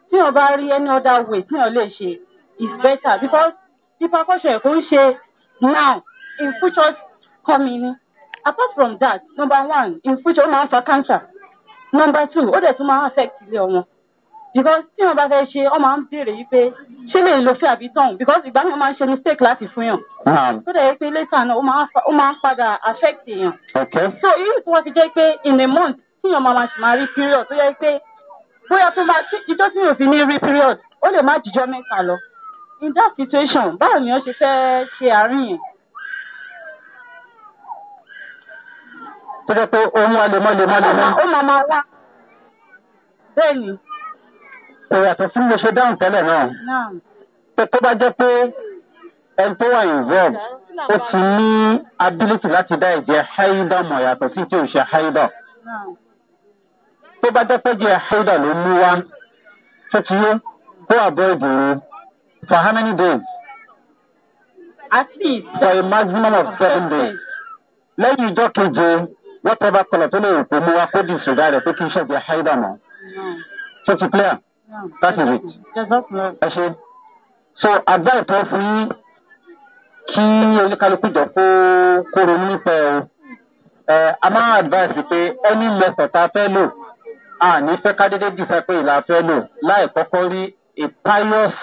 tí wọn bá rí any other way tí wọn lè ṣe is better because ìfakọ́ṣe kò ń ṣe now in future coming apart from that number one in future ó máa ń fa cancer number two ó dẹ̀ tún máa ń affect ilé ọmọ because tí wọn bá fẹ́ ṣe ọ máa ń béèrè yìí pé ṣé lè lo fẹ́ àbí tán because ìgbà mi máa ń ṣe mistake láti fún yàn tó ah. dẹ̀ yẹ pé later náà ó máa ń padà affect èèyàn so irú tí wọ́n ti jẹ́ pé in a month tí yàn máa ṣì máa rí period tó yẹ pé bóyá tó máa ìjọ tí yóò fi ní rí period ó lè má jíjọ mẹ́ta lọ in that situation báwo ni wọ́n ṣe fẹ́ ṣe àárín yẹn. tó jẹ́ pé ó ń wá lemọ́lemọ́lemọ́. ó máa ma wá bẹ́ẹ̀ ni. kò yàtọ̀ sí mo ṣe dáhùn tẹ́lẹ̀ náà. pé tó bá jẹ́ pé ẹni tó wà involved ó ti ní ability láti dá ẹ̀jẹ̀ haida mọ̀ yàtọ̀ sí tí ò ṣe haida. tó bá jẹ́ pé jẹ́ haida ló mú wá tó ti yé kó àbọ̀ ìbòrò for how many days? at least for a maximum of seven days. lẹ́yìn ìjọ keje whatever colour tó lè wò pé mo wá kó disregard rẹ̀ pé kí iṣẹ́ ìgbà ṣáídà mọ́ tó clear that is it ẹ ṣe so àgbáyé tó fún yín kí oníkálukú jọ kó kó ronú nípa ẹ o a máa advice pé any lẹsẹ̀ tá a fẹ́ lò a ní fẹ́ ká dédé dìfẹ́ pé ìlà fẹ́ lò láì kọ́kọ́ rí a pious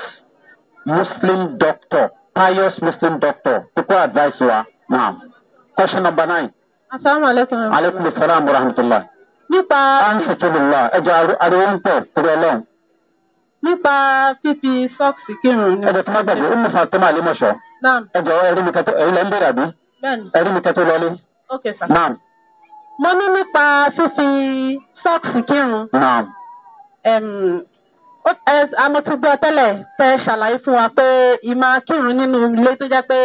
muslim doctor pious muslim doctor tó kó advice wa now question number nine asalaamualeykum. aleykum salaam wa rahmatulah. nípa. anṣetulula ẹjọ ariwo ń pọ̀ torí ọlọ́run. nípa fífi sọ́ọ̀sì kírun. ẹjọ tí wọn gbàgbé ó mú fa tó máa lé mọṣọ. naam. ẹjọ ẹrí mi kẹtọ ẹrí lẹ ń bèrè àbí. bẹẹni. ẹrí mi kẹtọ lọlé. ok sir. naam. mo ní nípa fífi sọ́ọ̀sì kírun. naam. amọ̀túgbọ́ tẹ́lẹ̀ fẹ́ ṣàlàyé fún wa pé ìmọ̀ kírun nínú ilé tó jẹ́ pé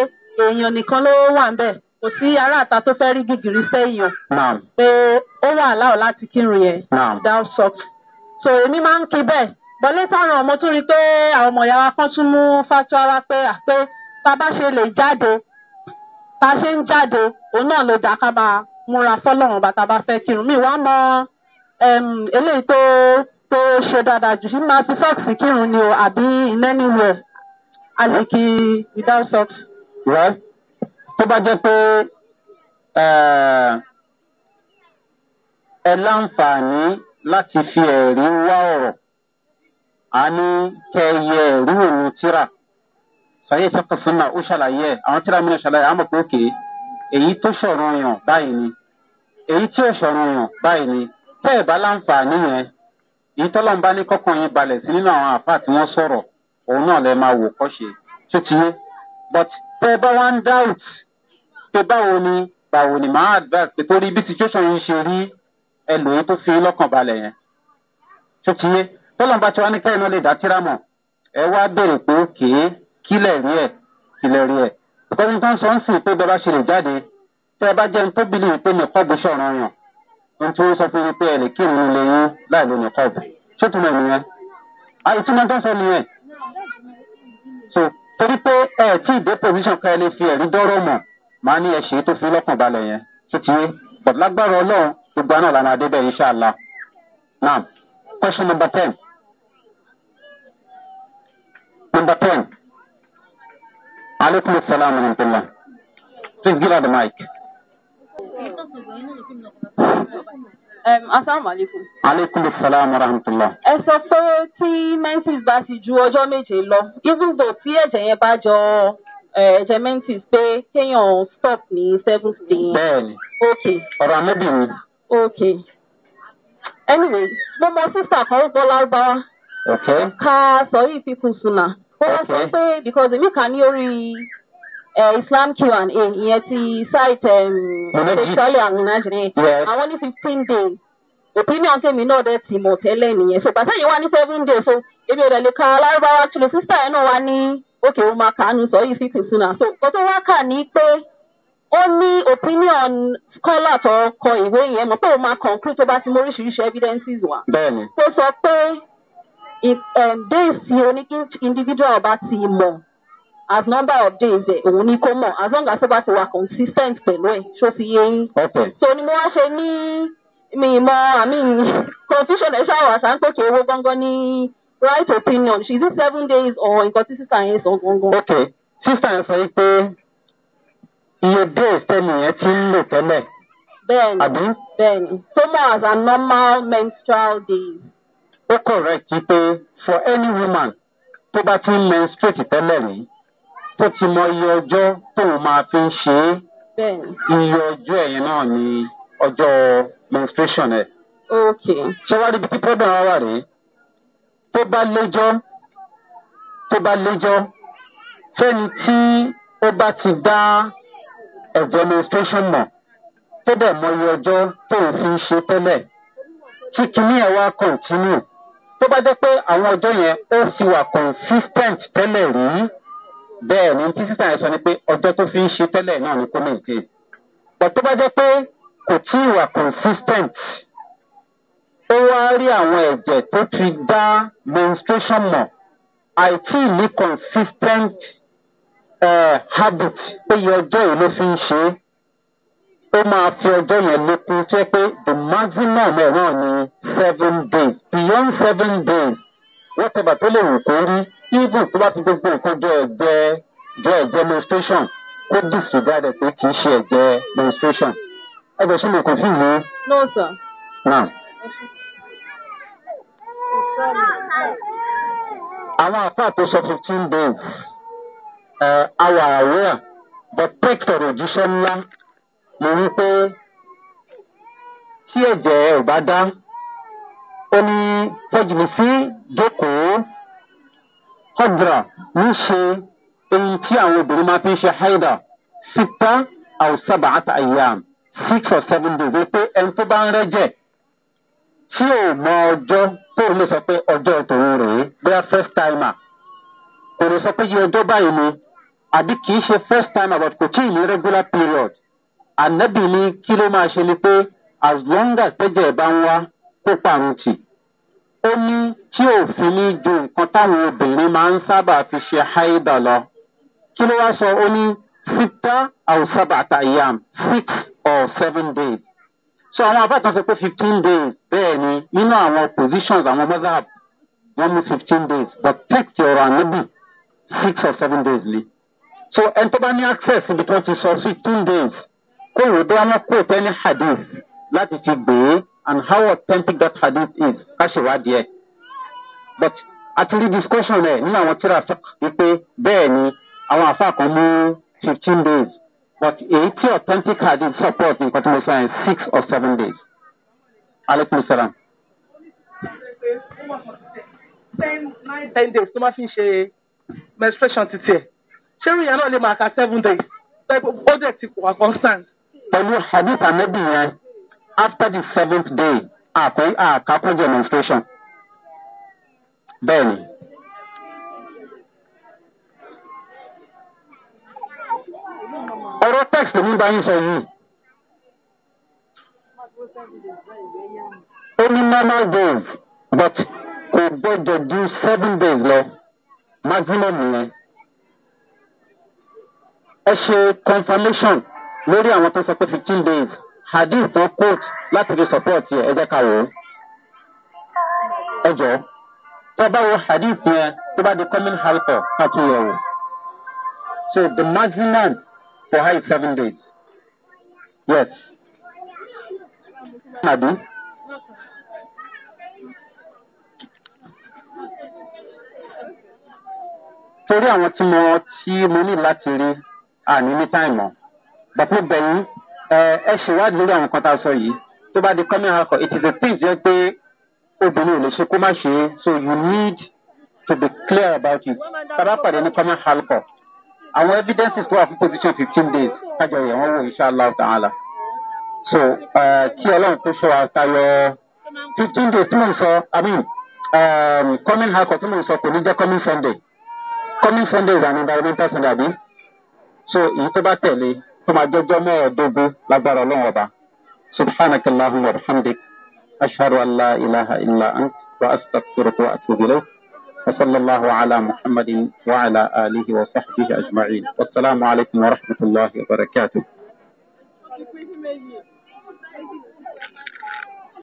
èèyàn nìkan ló wà ń bẹ̀ kò sí aráàta tó fẹ́ rí gìgìrì sẹ́yìn pé ó wà láò láti kírun yẹn down soft so èmi máa ń kí bẹ́ẹ̀ bọ́lé táwọn ọmọ tún rí pé àwọn ọmọ ìyá kan tún mú fatuwa pé àpé tá a bá ṣe lè jáde tá a ṣe ń jáde òun náà ló dá ká máa múra fọlọ́run bàtà bá fẹ́ kírun mi wá mọ eléyìí tó tó ṣe dáadáa jù sí máa fi sọ́ọ̀sì kírun ni o àbí in anywhere àsìkí without socks tó bá jẹ́ pé ẹ láǹfààní láti fi ẹ̀rí wá ọ̀rọ̀ àní kẹyẹ ẹ̀rí òun tíra sàyè sẹ́kọ̀ọ́ fún náà ó ṣàlàyé ẹ̀ àwọn tíra mìíràn ṣàlàyé àwọn ọmọkùnrin òkè èyí tó ṣọ̀rọ̀ yàn báyìí ni èyí tí ò ṣọ̀rọ̀ yàn báyìí ni tẹ́ ẹ̀ bá láǹfààní yẹn èyí tọ́lọ́n bá ní kọ́kàn yín balẹ̀ sí nínú àwọn àfáà tí wọ́n sọ̀rọ̀ òun náà lẹ máa wò kọ́ ṣe tó ti yé but tẹ́ ẹ bá wá ń dáùtì so báwo ni báwo ni màá advert pé torí bí situation yìí ṣe rí ẹlòmíín tó fi lọ́kàn balẹ̀ yẹn tó ti yé tọ́lọ́n bá ti wá ní kẹ́hìn náà lè dá tíra mọ̀ ẹ wá béèrè pé òkè kílẹ̀ rí ẹ̀ kílẹ̀ rí ẹ̀ ìkọ́ni tó ń sọ ń sìn pé bẹ́ẹ̀ bá ṣe lè jáde tẹ́ ẹ bá jẹun tó bìlì pé nìkọ́ bó ṣọ̀ràn yàn ohun tí wọ́n sọ fún mi pé ẹ lè kírun lè yín láì lo nìkọ́ bù ṣé tó ń sọ nìyẹn so torí pé ẹ tí ì dé position ká màá ní ẹṣin tó fi lọ́kàn balẹ̀ yẹn títí but lágbára ọlọ́run gbogbo àná làwọn adébẹ̀ yìí ṣàlà. now question number ten number ten aleykum salaam wa please give her the mic. Um, asalaamualeykum. aleykum salaam wa rahmatulah. ẹ sọ pé tí menses bá ti ju ọjọ́ méje lọ even though tí ẹ̀jẹ̀ yẹn bá jọ jementi eh, pé kéèyàn stop ní seventh day. bẹẹni ok anyway mo mọ sísà kan ó gbọ́ lárúbáwá. ká sọ yìí fífún sùnà. ó wá sọ pé because èmi kà ní orí eh, islam q and a ìyẹn ti site ṣọlẹ àwọn nàìjíríà àwọn ní fifteen days opinion tèmi náà dẹ ti mọ tẹlẹ nìyẹn so bàtà yìí wá ní seven days so èmi ò dẹ̀ lè ka lárúbáwá tùlù sísà yẹn náà wá ní. Okay, ó máa kàánú sọ yìí sí tìsúnà so nǹkan tó wá kà ní pé ó ní opinion scholar tó kọ ìwé yẹn mọ̀ pé ó máa conclude tó bá ti mú oríṣiríṣi evidences wá. bẹẹni. tó sọ pé um, days tí oníkí individual bá ti mọ̀ as number of days ẹ̀ òun ni kó mọ̀ as long as ó bá ti wà consistent pẹ̀lú ẹ̀ ṣó ti yé yín. ok so ni mo wá ṣe ní mi mọ àmì confusion ẹ̀ ṣáà wà sáńpẹ̀kẹ̀ owó gángan ní right opinion she did seven days or nǹkan tí sísà yẹn sọ gangan. ok sísà yẹn sọ yìí pé iye days tẹ́lẹ̀ yẹn ti ń lò tẹ́lẹ̀. bẹ́ẹ̀ni àbí. bẹ́ẹ̀ni so more as a normal menstrual days. ó correct yìí pé for any woman tó bá ti ń menstruate tẹ́lẹ̀ rí tó ti mọ iye ọjọ́ tóun máa fi ń ṣe é. bẹ́ẹ̀ni iye ọjọ́ ẹ̀yìn náà ni ọjọ́ menstruation ẹ̀. ok ṣé wàá rí ibi tí problem wà rèé tó bá léjọ́ tó bá léjọ́ fẹ́ni tí ó bá ti dá examination mọ̀ tó bẹ̀ mọyì ọjọ́ tó ń fi ṣe tẹ́lẹ̀ tí kinní ẹ̀ wá continue tó bá jẹ́ pé àwọn ọjọ́ yẹn ó fi wà consistent tẹ́lẹ̀ rí bẹ́ẹ̀ ni tí sísàn ẹ̀ sọ ni pé ọjọ́ tó fi ń ṣe tẹ́lẹ̀ náà ni kó mèjì but tó bá jẹ́ pé kò tí ì wà consistent ó wá rí àwọn ẹ̀jẹ̀ tó ti dá menstruation mọ̀ àìtí ní consistent uh, habit pé iye ọjọ́ yìí ló fi ń ṣe é ó máa fi ọjọ́ yẹn lékún tó yẹ pé the maximum ẹ̀ náà ni seven days beyond seven days whatever tó lè wù kó rí even tó bá ti gbogbo nǹkan jẹ ẹ̀jẹ̀ jẹ ẹ̀jẹ̀ menstruation kó disregard ẹ̀ pé kì í ṣe ẹ̀jẹ̀ menstruation ẹ̀jẹ̀ ṣe lè kò sí ìlú. no sir. now àwọn àfáà tó sọ fifteen days awà àwòrà the picture òjíṣẹ́ ńlá mo wí pé tí ẹ̀jẹ̀ ò bá dá ó ní fẹ́jìmí sí jókòó hudra ń ṣe èyí tí àwọn obìnrin máa fi ń ṣe haida síta àwùsábà àtàyà six or seven days wípé ẹni tó bá ń rẹ́jẹ̀ tí ò mọ ọjọ́ tóun lè sọ pé ọjọ́ tòun rèé bóyá first timer kò lè sọ pé yí ọjọ́ báyìí ni àbí kì í ṣe first timer but kò tíì ní regular period ànábì ni kí ló máa ṣe ni pé as long as tẹ́jẹ̀ bá ń wá kó parun tì ó ní tí òfin ní ju nǹkan táwọn obìnrin máa ń sábà fi ṣe haida lọ kí ló wá sọ ó ní sita or yam six or seven days so àwọn afáàtàn sọ pé fifteen days bẹ́ẹ̀ ni nínú àwọn positions àwọn mọ́sáàb wọ́n mú fifteen days but take text ọ̀rọ̀ ànábì six or seven days ni so ẹni tó bá ní access ibi tí wọ́n ti sọ fifteen days kó ìwé bí wọ́n kó tẹ́ni hadith láti fi gbé and how authentic that hadith is ká ṣèwádìí ẹ̀ but àti rí discussion ẹ̀ nínú àwọn tíra wípé bẹ́ẹ̀ ni àwọn afáàkàn mú fifteen days but èyí tí authentic hadith support In tí mo sọ six or seven days. aleykum salaam. ten days tó máa fi ṣe menstruation ti tiẹ̀ ṣé ìrìyà náà lè máa ka seven days ó dẹ̀ ti wà constant. pẹ̀lú hadith anabi yẹn after the seventh day àkókò àkàkọ́jọ menstruation bẹ́ẹ̀ ni. ọ̀rọ̀ text mi bá yín sọ yìí. ó ní normal days but kò gbọ́dọ̀ ju seven days lọ maximum yẹn. ẹ ṣe confirmation lórí àwọn tó sọ pé fifteen days hadith tó quote láti fi support yẹ ẹ jẹ́ ká wò ó. ẹ jọ̀ọ́ tó bá wo hadith yẹn tó bá di coming halkọ̀ ká tún yẹ̀ wò. so the maximum for her seven days. Yes. Adu. torí àwọn tí mo tí mo ní láti rí àní ní táìmù bàtú bẹ̀yìn ẹ ṣèwádìí lórí àwọn kan tá a sọ yìí tó bá di coming out it is a thing jẹ́ pé obìnrin ò lè ṣe kó má ṣe é so you need to be clear about it tàbá pàdé ní coming out àwọn evidences wà fún position fifteen days kájọ yẹn wọ́n wò inshallah ta'ala so eh, kí ọlọ́run tó ṣọ́ àtayọ fifteen days tí mò ń sọ àbí um, coming high court tí mò ń sọ kò ní jẹ́ coming sunday coming sunday is an environmental sunday àbí so èyí tó bá tẹ̀lé tó máa jẹ́jọ́ mẹ́ẹ̀ẹ́dógún lágbára ọlọ́run ọba subhanakallahumma wa bihamdik ashhadu an ilaha illa ant wa astaghfiruka atubu ilayk. وصلى الله على محمد وعلى آله وصحبه أجمعين والسلام عليكم ورحمة الله وبركاته